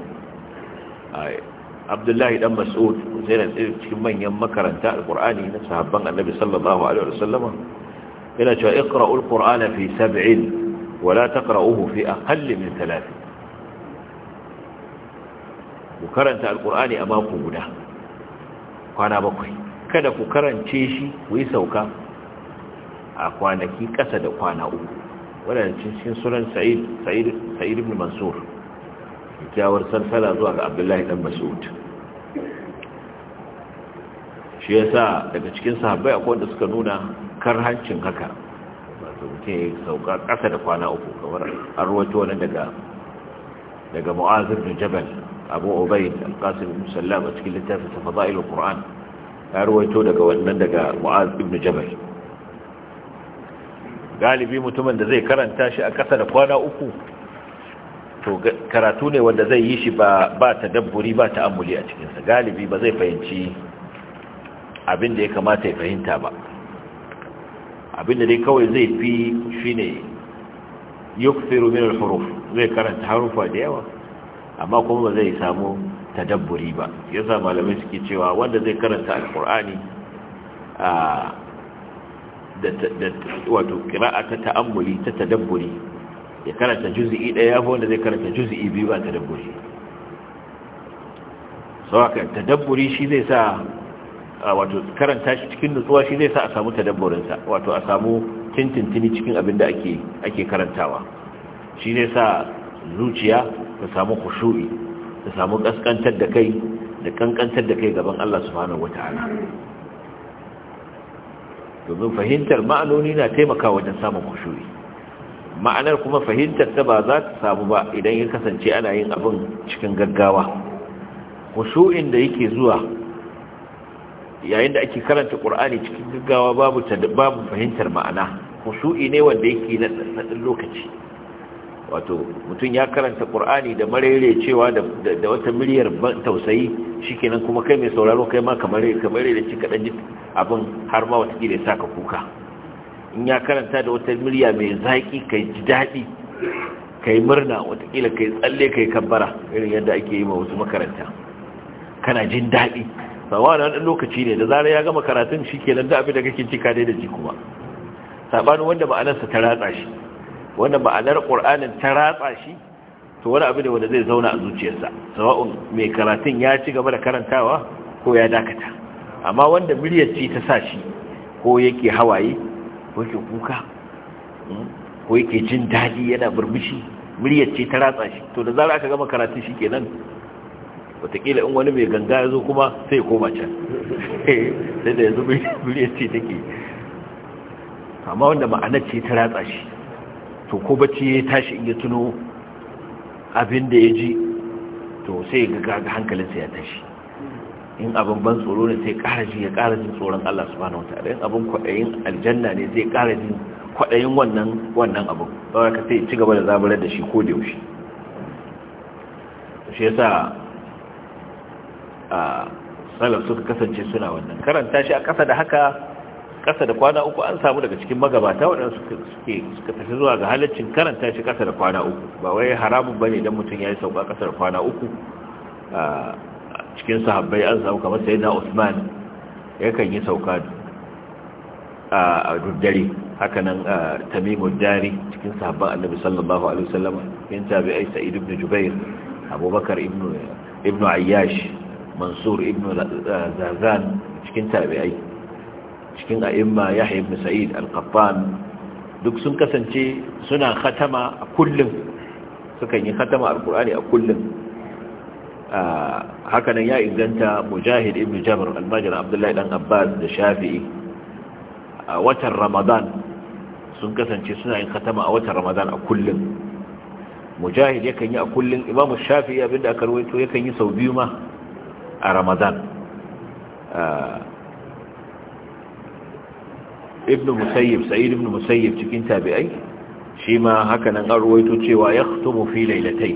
abdullahi dan mas'ud zai da cikin manyan makaranta alqur'ani na sahabban annabi sallallahu alaihi wasallama yana cewa iqra'ul qur'ana fi sab'in wala taqra'uhu fi aqall min thalath ku karanta alqur'ani a mako guda kwana bakwai kada ku karance shi ku yi sauka a kwanaki kasa da kwana uku wadannan cikin sunan sa'id sa'id sa'id ibn mansur jawar salsala zuwa ga abdullahi dan mas'ud shi yasa daga cikin sahabbai akwai wanda suka nuna hancin haka to mutum ya sauka ƙasa da kwana uku kamar an ruwato wani daga daga mu'azir da jabal abu obai alƙasir musallam a cikin littafin tafaba ilu ƙura'an ya ruwato daga wannan daga mu'azir da jabal galibi mutumin da zai karanta shi a ƙasa da kwana uku to karatu ne wanda zai yi shi ba ta dabburi ba ta amuli a cikinsa galibi ba zai fahimci abin da ya kamata ya fahimta ba abinda dai kawai zai fi ne yukfiru min al-huruf zai karanta harufa da yawa amma kuma ba zai samu tadabburi ba yasa malamai suke cewa wanda zai karanta al-qur'ani a da wato Kira'a ta ta'ammuli ta tadabburi ya karanta juz'i daya ko wanda zai karanta juz'i biyu ba tadabburi saboda tadabburi shi zai sa wato karanta shi cikin nutsuwa shi zai sa a samu tadabburinsa wato a samu tintintini cikin abin da ake ake karantawa shi zai sa zuciya ta samu khushu'i ta samu kaskantar da kai da kankantar da kai gaban Allah subhanahu wataala domin fahimtar ma'anoni na taimakawa wajen samun khushu'i ma'anar kuma fahimtar ta ba za ta samu ba idan ya kasance ana yin abin cikin gaggawa khushu'in da yake zuwa yayin da ake karanta ƙur'ani, cikin gaggawa babu babu fahimtar ma'ana khushu'i ne wanda yake na dan lokaci wato mutum ya karanta ƙur'ani da marere cewa da da wata miliyar tausayi shikenan kuma kai mai sauraro kai ma kamar kamar da cika dan abin har ma wata kire saka kuka in ya karanta da wata miliya mai zaki kai ji dadi kai murna kila kai tsalle kai kabbara irin yadda ake yi ma wasu makaranta kana jin daɗi sa wani lokaci ne da zarar ya gama karatun shi kenan da abin da kake cika dai da ji kuma sabanin wanda ma'anarsa ta ratsa shi wanda ma'anar ƙur'anin ta ratsa shi to wani abu da wanda zai zauna a zuciyarsa sawa'un mai karatun ya ci gaba da karantawa ko ya dakata amma wanda miliyar ci ta sa shi ko yake hawaye ko yake kuka hmm, ko yake jin daɗi yana burbushi miliyar ce ta ratsa shi to da zarar aka gama karatun shi kenan watakila in wani mai ganga ya zo kuma sai koma can sai da yanzu miliyan ce take amma wanda ma'anar ce ta ratsa shi to ko bacci ya tashi in ya tuno abin da ya ji to sai ga hankalinsa ya tashi in abin ban tsoro ne sai ƙara ji ya ƙara jin tsoron Allah subhanahu wataala in abin kwaɗayin aljanna ne zai ƙara jin kwaɗayin wannan wannan abin don ka sai ci gaba da zaburar da shi ko da yaushe shi yasa salaf suka kasance suna wannan karanta shi a kasa da haka kasa da kwana uku an samu daga cikin magabata waɗanda suke suka tafi zuwa ga halaccin karanta shi kasa da kwana uku ba wai haramun ne idan mutum ya yi sauka kasa da kwana uku a cikin sahabbai an samu kamar sayyidina Usman yakan yi sauka a dare haka nan tamimu Dari cikin sahabban Annabi sallallahu alaihi wasallam tabi'ai Sa'id ibn Jubair Abubakar ibn ibn Ayyash mansur ibn zazan cikin tabi'ai cikin a'imma yahya ibn sa'id al-qattan duk sun kasance suna khatama a kullum sukan yi khatama alqur'ani a kullum hakanan ya inganta mujahid ibn jabr al-majri abdullahi dan abbas da shafi'i a watan ramadan sun kasance suna yin khatama a watan ramadan a kullum mujahid yakan yi a kullum imamu shafi'i abinda aka rawaito yakan yi sau biyu ma a ramadan uh, ibn musayyib sa'id ibn musayyib cikin tabi'ai shi ma haka nan an cewa ya khtumu fi lailatai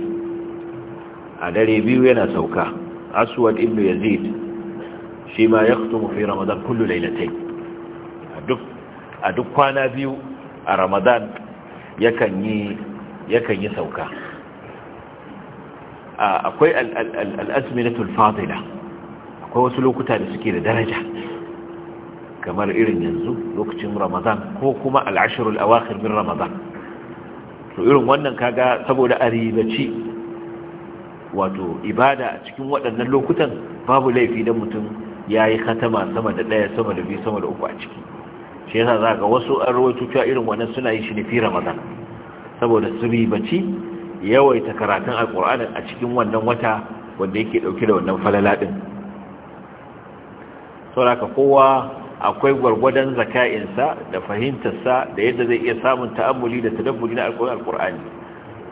a dare biyu yana sauka aswad ibn yazid shi ma ya khtumu fi ramadan kullu lailatai a duk kwana biyu a ramadan yakan yi sauka akwai al'azminatul fadila akwai wasu lokuta da suke da daraja kamar irin yanzu lokacin ramadan ko kuma al'ashirul awakhir min ramadan to irin wannan kaga saboda aribaci wato ibada a cikin waɗannan lokutan babu laifi dan mutum yayi katama sama da ɗaya sama da biyu sama da uku a ciki shi yasa zaka wasu an cewa irin wannan suna yin shi ne fi ramadan saboda su ribaci yawaita karatun alkur'ani a cikin wannan wata wanda yake dauke da wannan falala din saboda kowa akwai gwargwadon sa da fahimtar sa da yadda zai iya samun ta'ammuli da tadabburi na alkur'ani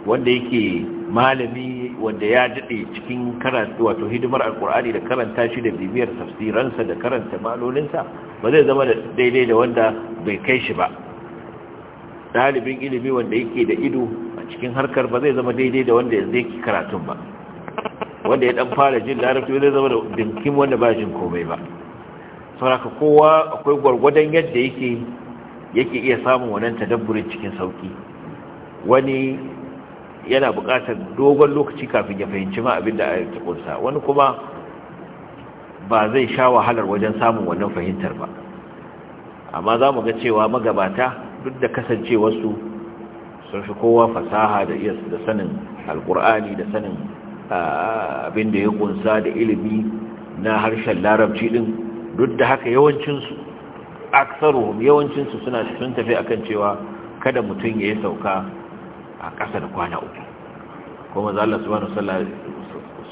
wanda yake malami wanda ya dade cikin karatu wato hidimar alkur'ani da karanta shi da bibiyar tafsiransa da karanta sa ba zai zama da daidai da wanda bai kai shi ba ɗalibin ilimi wanda yake da ido cikin harkar ba zai zama daidai da wanda yanzu yake karatun ba wanda ya dan fara jin larabci zai zama da dinkin wanda ba jin komai ba sauraka kowa akwai gwargwadon yadda yake yake iya samun wannan tadabburin cikin sauki wani yana buƙatar dogon lokaci kafin ya fahimci ma abin da ayar ta wani kuma ba zai sha wahalar wajen samun wannan fahimtar ba amma za mu ga cewa magabata duk da kasancewarsu sun fi kowa fasaha da iya da sanin alkur'ani da sanin abin da ya kunsa da ilimi na harshen larabci din duk da haka yawancinsu aksaruhum yawancinsu suna sun tafi akan cewa kada mutum ya yi sauka a ƙasa da kwana uku kuma za Allah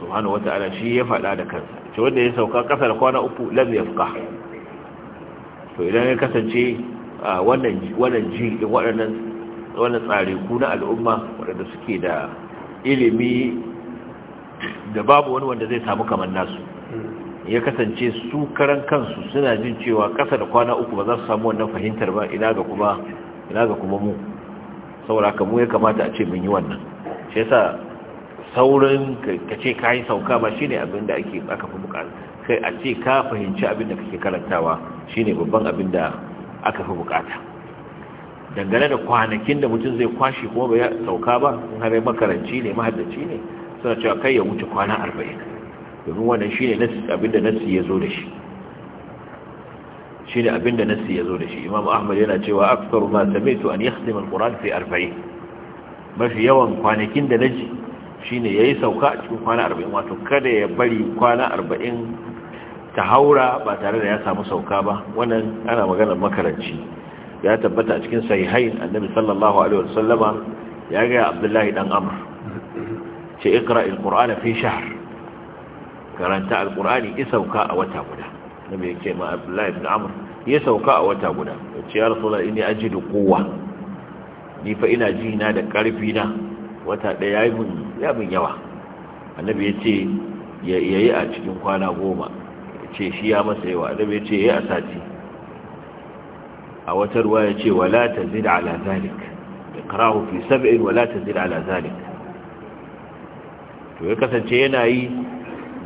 subhanahu ta'ala shi ya faɗa da kansa ce wanda ya sauka ƙasa da kwana uku lam ya fuka to idan ya kasance wannan ji waɗannan wani tsariku na al'umma waɗanda suke da ilimi da babu wani wanda zai samu kamar nasu ya kasance su karan kansu suna jin cewa kasa da kwana uku ba za su samu wannan fahimtar ba ina ga kuma ina ga kuma mu Saura kamu ya kamata a ce mun yi wannan shi yasa saurin ka ce ka yi sauka ba ne abin da ake aka fi bukata kai a ce ka fahimci abin da kake karantawa shi ne babban abin da aka fi bukata dangane da kwanakin da mutum zai kwashi kuma bai sauka ba in har makaranci ne mahaddaci ne suna cewa kai ya wuce kwana arba'in domin wannan shi ne abinda nasi ya zo da shi shi ne abinda nasi ya zo da shi imam ahmad yana cewa aksaru ma samitu an yakhdim alquran fi arba'in mafi yawan kwanakin da naji shine yayi sauka a cikin kwana arba'in wato kada ya bari kwana arba'in ta haura ba tare da ya samu sauka ba wannan ana maganar makaranci ya tabbata a cikin sahihain annabi sallallahu alaihi wasallama ya ga abdullahi dan amr ce ikra alqur'ana fi shahr karanta alqur'ani isauka a wata guda nabi yake ma abdullahi ibn amr ya sauka a wata guda ce ya rasulullahi inni ajidu quwwa ni fa ina ji na da karfi na wata daya yayi mun ya mun yawa annabi yace yayi a cikin kwana goma ce shi ya masa yawa annabi yace yayi a sati a wata ya ce wala tazid ala zalik iqra'u fi sab'in wala tazid ala zalik to ya kasance yana yi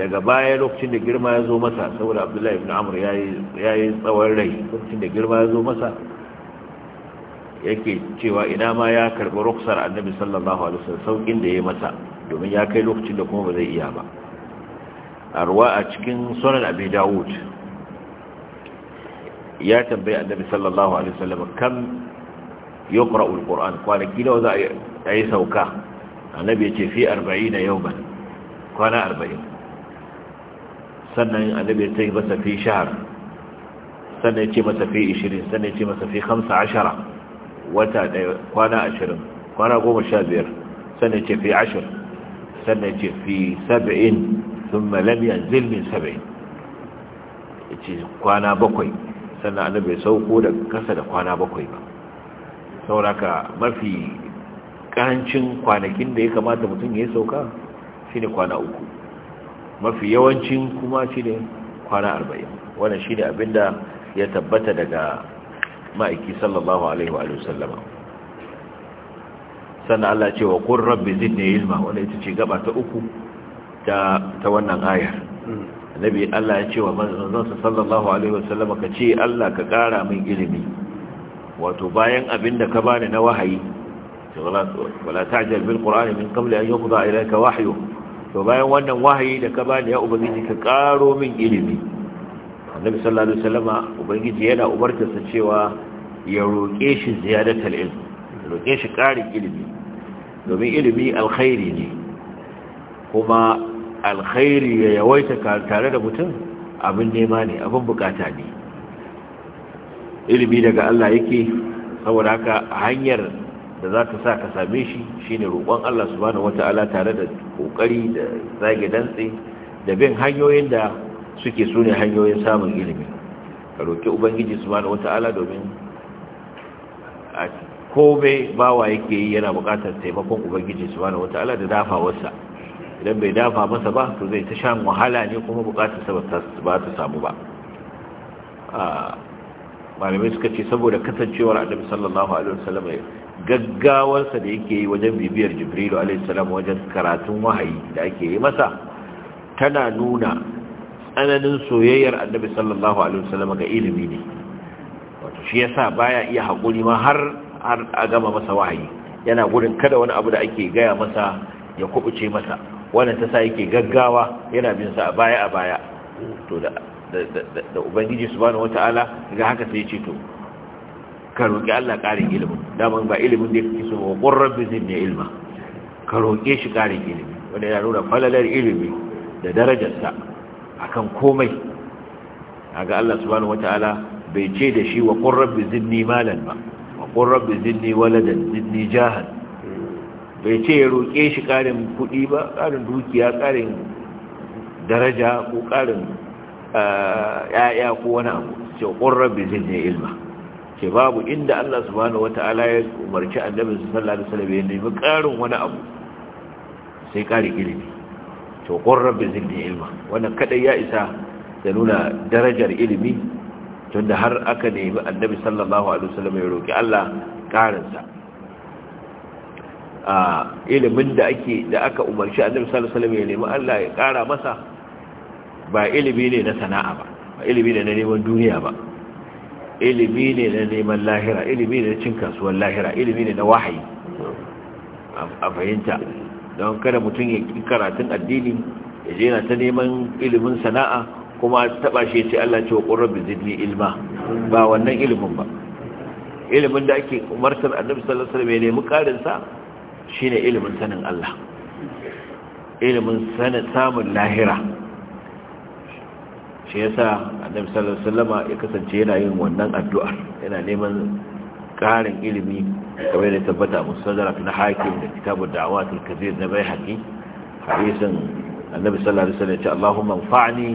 daga baya lokacin da girma ya zo masa saboda abdullahi ibn amr ya yi tsawon rai lokacin da girma ya zo masa yake cewa ina ma ya karɓi ruksar annabi sallallahu alaihi wasallam saukin da ya masa domin ya kai lokacin da kuma ba zai iya ba a ruwa a cikin sunan abi dawud ya tambayi annabi sallallahu alaihi wasallam kam yuqra'u alquran Kwana gida za a yi sauka annabi ya ce fi 40 yawman kwana 40 sannan annabi ya ce masa fi shahr sannan ya ce masa fi 20 sannan ya ce masa fi 15 wata daya kwana 20 kwana 15 sannan ya ce fi 10 sannan ya ce fi 70 thumma lam yanzil min 70 ya ce kwana bakwai sannan annabi bai sauko da kasa da kwana bakwai ba sauraka mafi karancin kwanakin da ya kamata mutum ya sauka shine kwana uku mafi yawancin kuma shine kwana arba'in wannan shine abinda ya tabbata daga ma'aiki sallallahu alaihi wa sallama sannan Allah ce wa qur rabbi zidni ilma wannan ita ce gaba ta uku ta ta wannan ayar hmm. annabi Allah ya ce wa manzon sallallahu alaihi wasallam ka ce Allah ka kara min ilimi wato bayan abinda ka bani na wahayi wala ta'jal bil qur'ani min qabl an yuqda ilayka wahyu to bayan wannan wahayi da ka bani ya ubangiji ka karo min ilimi annabi sallallahu alaihi wasallam ubangiji yana ubarta sa cewa ya roke shi ziyadatul ilm roke shi karin ilimi domin ilimi alkhairi ne kuma alkhairi ya yawaita tare da mutum abin nema ne abin bukata ne ilimi daga Allah yake saboda haka hanyar da za ta sa ka same shi shine roƙon Allah subhanahu wata'ala tare da kokari da zage dantse da bin hanyoyin da suke sune hanyoyin samun ilimi ka roƙi ubangiji subhanahu wata'ala domin a kome bawa yake yana bukatar taimakon ubangiji subhanahu wata'ala da dafawarsa idan bai dafa masa ba to zai ta shan wahala ne kuma bukatar sa ba ta samu ba malamai suka ce saboda kasancewar annabi sallallahu alaihi wasallam gaggawarsa da yake yi wajen bibiyar jibrilu alaihi salam wajen karatun wahayi da ake yi masa tana nuna tsananin soyayyar annabi sallallahu alaihi wasallam ga ilimi ne wato shi yasa baya iya hakuri ma har har a gama masa wahayi yana gurin kada wani abu da ake gaya masa ya kubuce masa wannan ta sa yake gaggawa yana bin sa a baya a baya to da da ubangiji subhanahu wataala ga haka sai ya ce to ka roki Allah ƙarin ilimin daman ba ilimin da yake so qur rabbi zinni ilma ka roke shi ƙarin ilimi wanda ya nuna falalar ilimi da darajarsa akan komai kaga Allah subhanahu wataala bai ce da shi wa rabbi zinni malan ba wa rabbi zinni waladan zinni jahan bai ce ya roƙe shi ƙarin kuɗi ba ƙarin dukiya ƙarin daraja ko ƙarin ya'ya ko wani abu ce ƙurra bizin ne ilma ce babu inda Allah subhanahu wata ya umarci annabi sallallahu alaihi wasallam ya nemi ƙarin wani abu sai ƙarin ilimi ce ƙurra bizin ne ilma wannan kaɗai ya isa da nuna darajar ilimi tunda har aka nemi annabi sallallahu alaihi wasallam ya roƙi Allah ƙarinsa A ilimin da ake da aka umarci annabi sallallahu alaihi wasallam ya nemi Allah ya kara masa ba ilimi ne na sana'a ba ba ilimi ne na neman duniya ba ilimi ne na neman lahira ilimi ne na cin kasuwar lahira ilimi ne na wahayi a fahimta don kada mutum ya ki karatun addini ya je na ta neman ilimin sana'a kuma taɓa shi ce Allah ce wa ƙorar bizidni ilma ba wannan ilimin ba ilimin da ake umartar annabi sallallahu alaihi wasallam ya nemi sa Shi ne ilimin sanin Allah ilimin sanin samun lahira shi yasa annabi sallallahu alaihi wasallama ya kasance yana yin wannan addu'ar yana neman karin ilimi kamar da tabbata musaddarat na hakim da kitabud da'awat al-kabir na bayhaqi hadisin annabi sallallahu alaihi wasallam ya ce Allahumma anfa'ni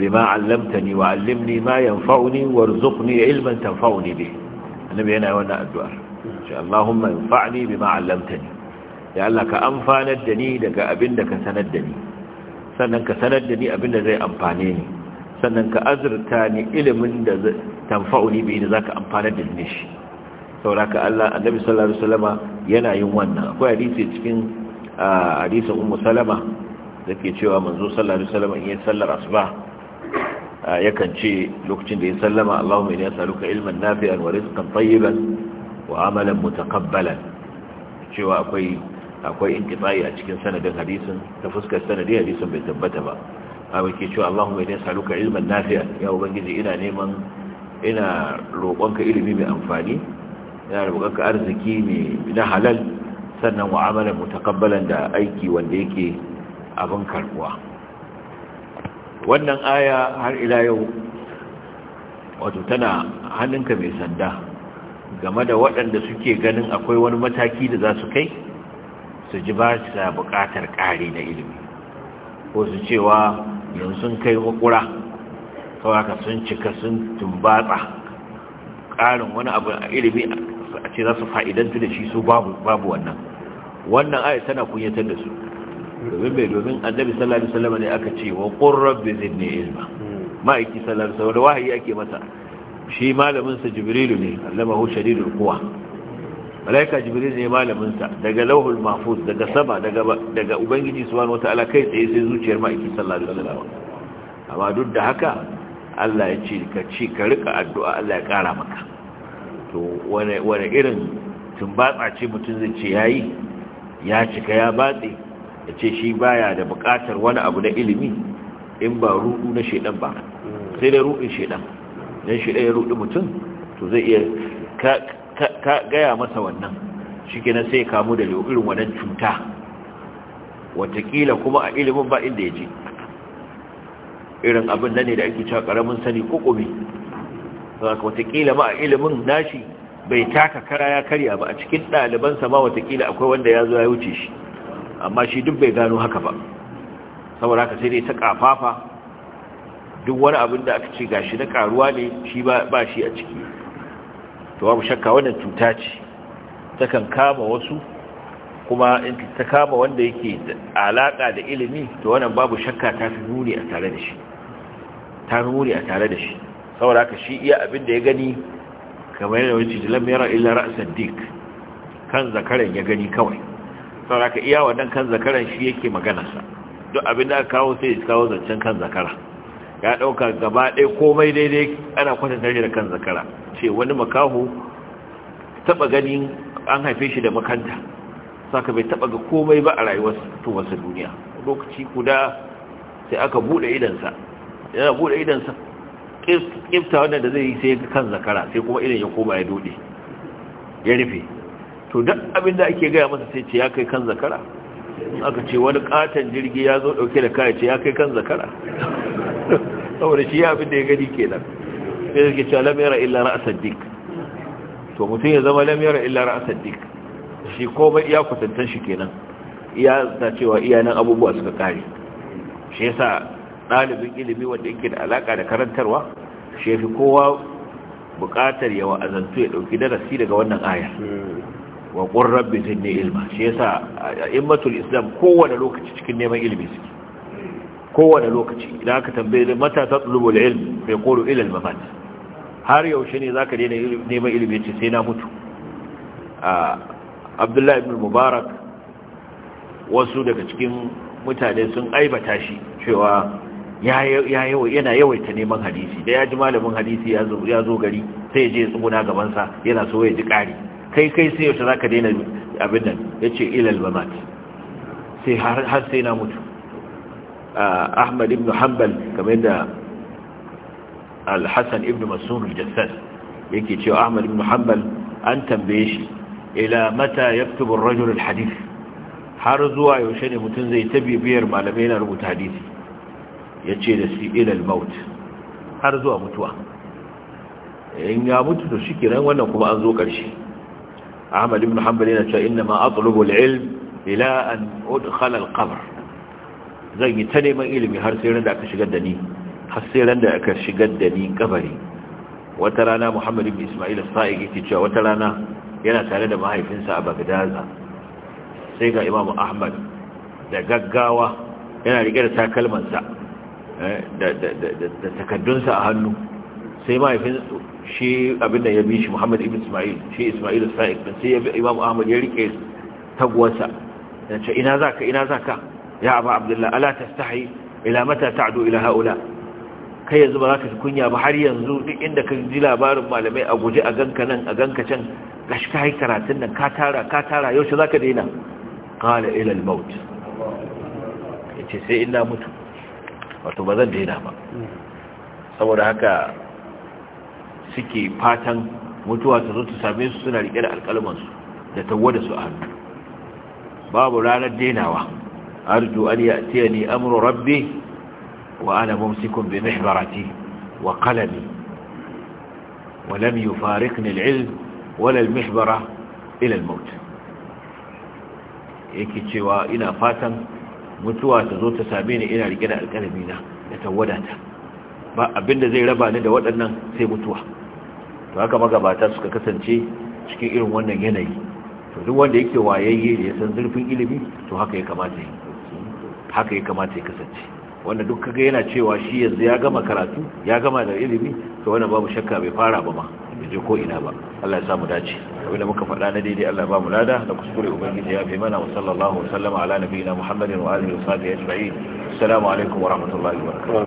bima 'allamtani wa 'allimni ma yanfa'uni warzuqni ilman tanfa'uni bih annabi yana wannan addu'ar ce Allahumma yanfa'ni bi 'allamtani ya Allah ka amfanar da ni daga abin da ka sanar da ni sannan ka sanar da ni abin da zai amfane ni sannan ka azurta ni ilimin da tamfa'u ni bi da za ka amfanar da ni shi sauraka Allah annabi sallallahu alaihi wasallama yana yin wannan akwai hadisi cikin hadisin ummu salama da ke cewa manzo sallallahu alaihi in ya sallar asuba yakan ce lokacin da ya sallama Allahumma inni as'aluka ilman nafi'an wa rizqan tayyiban wa amalan mutakabbalan cewa akwai akwai intibai a cikin sanadin hadisin ta fuskar sanadin hadisin bai tabbata ba abin ke cewa Allahumma idan saluka ilman nafi'a ya ubangiji ina neman ina roƙonka ilimi mai amfani ina roƙonka arziki mai na halal sannan wa mutakabbalan da aiki wanda yake abin karbuwa wannan aya har ila yau wato tana hannunka mai sanda game da waɗanda suke ganin akwai wani mataki da za su kai su ji ba su buƙatar ƙari na ilimi ko su cewa yanzu sun kai makura sauraka sun cika sun tumbatsa ƙarin wani abu a ilimi a ce za su fa'idantu da shi su babu wannan wannan ayi tana kunyatar da su domin mai domin annabi sallallahu alaihi wasallam ne aka ce wa qur rabbi zidni ilma hmm. ma'aiki sallallahu alaihi wasallam wahayi ake masa shi malaminsa jibrilu ne allamahu shadidul quwa malaika jibril ne malaminsa daga lauhul mahfuz daga sama daga daga ubangiji subhanahu wataala kai tsaye sai zuciyar ma'aiki sallallahu alaihi wasallam amma duk da haka Allah ya ce ka ci ka rika addu'a Allah ya kara maka to wane wane irin tumbatsa ce mutum zai ce yayi ya cika ya batse ya ce shi baya da bukatar wani abu na ilimi in ba ruɗu na shedan ba sai da ruɗin shedan dan shi ɗaya rudu mutum to zai iya Ka gaya masa wannan shi kenan sai kamu da irin wannan cuta watakila kuma a ilimin ba inda ya je irin abin nan ne da ake cewa karamin sani kukumi watakila ma a ilimin nashi bai taka kara ya karya ba a cikin ɗalibansa ma watakila akwai wanda ya zo ya wuce shi amma shi duk bai gano haka ba saboda haka sai dai ta kafafa duk wani abin da aka ce gashi na karuwa ne shi ba shi a ciki to babu shakka wannan cuta ce kan kama wasu kuma in ta kama wanda yake alaka da ilimi to wannan babu shakka ta fi nuni a tare da shi ta fi nuni a tare da shi saboda haka shi iya abin da ya gani kamar yana wani cijilan yara illa ra'asar dik kan zakaran ya gani kawai saboda haka iya wannan kan zakaran shi yake maganarsa duk abin da aka kawo sai ya kawo zancen kan zakaran. ya dauka gaba ɗaya komai daidai ana kwatanta shi da kan zakara ce wani makaho taba gani an haife shi da makanta saka bai taba ga komai ba a rayuwarsa to wasu duniya lokaci guda sai aka bude idansa yana bude idansa kifta wannan da zai yi sai ga kan zakara sai kuma idan ya koma ya dode ya rufe to duk abin da ake gaya masa sai ce ya kai kan zakara aka ce wani katon jirgi ya zo dauke da kaya ce ya kai kan zakara saboda shi ya abin da ya gani kenan sai da ke cewa lamira illa ra'asar dik to mutum ya zama lamira illa ra'asar dik shi komai iya kwatantar shi kenan iya ta cewa iyanan nan abubuwa suka kare shi sa ɗalibin ilimi wanda yake da alaƙa da karantarwa shi ya fi kowa buƙatar yawa azantu ya ɗauki darasi daga wannan ayar wa ƙun rabbi zai ilma shi a immatul islam kowane lokaci cikin neman ilimi suke kowane lokaci idan aka tambaye mata ta tsulubu da ilmi mai koro ilil mamat har yaushe ne za ka daina neman ilimi ce sai na mutu abdullahi ibn mubarak wasu daga cikin mutane sun aibata shi cewa yana yawaita neman hadisi da ya ji malamin hadisi ya zo gari sai ya je ya tsuguna gabansa yana so ya ji ƙari kai kai sai yaushe za ka daina abin nan ya ce ilal mamat sai har sai na mutu ahmad ibn hanbal kamar da al-hassan ibn mas'ud al-jassas yake cewa ahmad ibn hanbal an tambaye shi ila mata yaktubu ar-rajul al-hadith har zuwa yaushe ne mutum zai ta bibiyar malamai yana rubuta hadisi yace da si ila al-maut har zuwa mutuwa in ya mutu to shikiran wannan kuma an zo karshe ahmad ibn hanbal yana cewa inna ma atlubu al-ilm ila an udkhala al-qabr zan yi ta neman ilimi har sai da aka shigar da ni har sai da aka shigar da ni kabari wata rana Muhammad bin Isma'il sa'i yake cewa wata rana yana tare da mahaifinsa a Bagdaza, sai ga Imam Ahmad da gaggawa yana rike da takalmansa eh, da takaddunsa a hannu sai mahaifin shi abinda ya bi shi Muhammad ibn Isma'il shi Isma'il sai ya sai Imam Ahmad ya rike taguwarsa yace ina ka, ina za ka. ya aba abdullah ala tastahi ila mata ta'du ila haula kai yanzu ba za ka kunya ba har yanzu duk inda ka ji labarin malamai a guje a ganka nan a ganka can gashi ka yi karatun nan ka tara ka tara yaushe za ka daina Kala ilal al Ya ce sai ina mutu wato ba zan daina ba saboda haka suke fatan mutuwa ta zo ta same su suna rike da alƙalmansu da tawwada su a hannu babu ranar denawa أرجو أن يأتيني أمر ربي وأنا ممسك بمحبرتي وقلمي ولم يفارقني العلم ولا المحبرة إلى الموت yake cewa ina fatan mutuwa ta zo ta same ni ina rike da alƙalami na da tawadata ba abinda zai raba ni da waɗannan sai mutuwa to haka magabata suka kasance cikin irin wannan yanayi to duk wanda yake wayayye ya san zurfin ilimi to haka ya kamata yi haka ya kamata ya kasance wanda duk kaga yana cewa shi yanzu ya gama karatu ya gama da ilimi to wannan babu shakka bai fara ba ma je ko ina ba Allah ya samu dace da muka faɗa na daidai Allah ba mu lada da kuskure ubangiji ya fi mana wa sallallahu wa sallama ala nabiyina Muhammadin wa alihi wa sahbihi ajma'in assalamu alaikum wa rahmatullahi wa barakatuh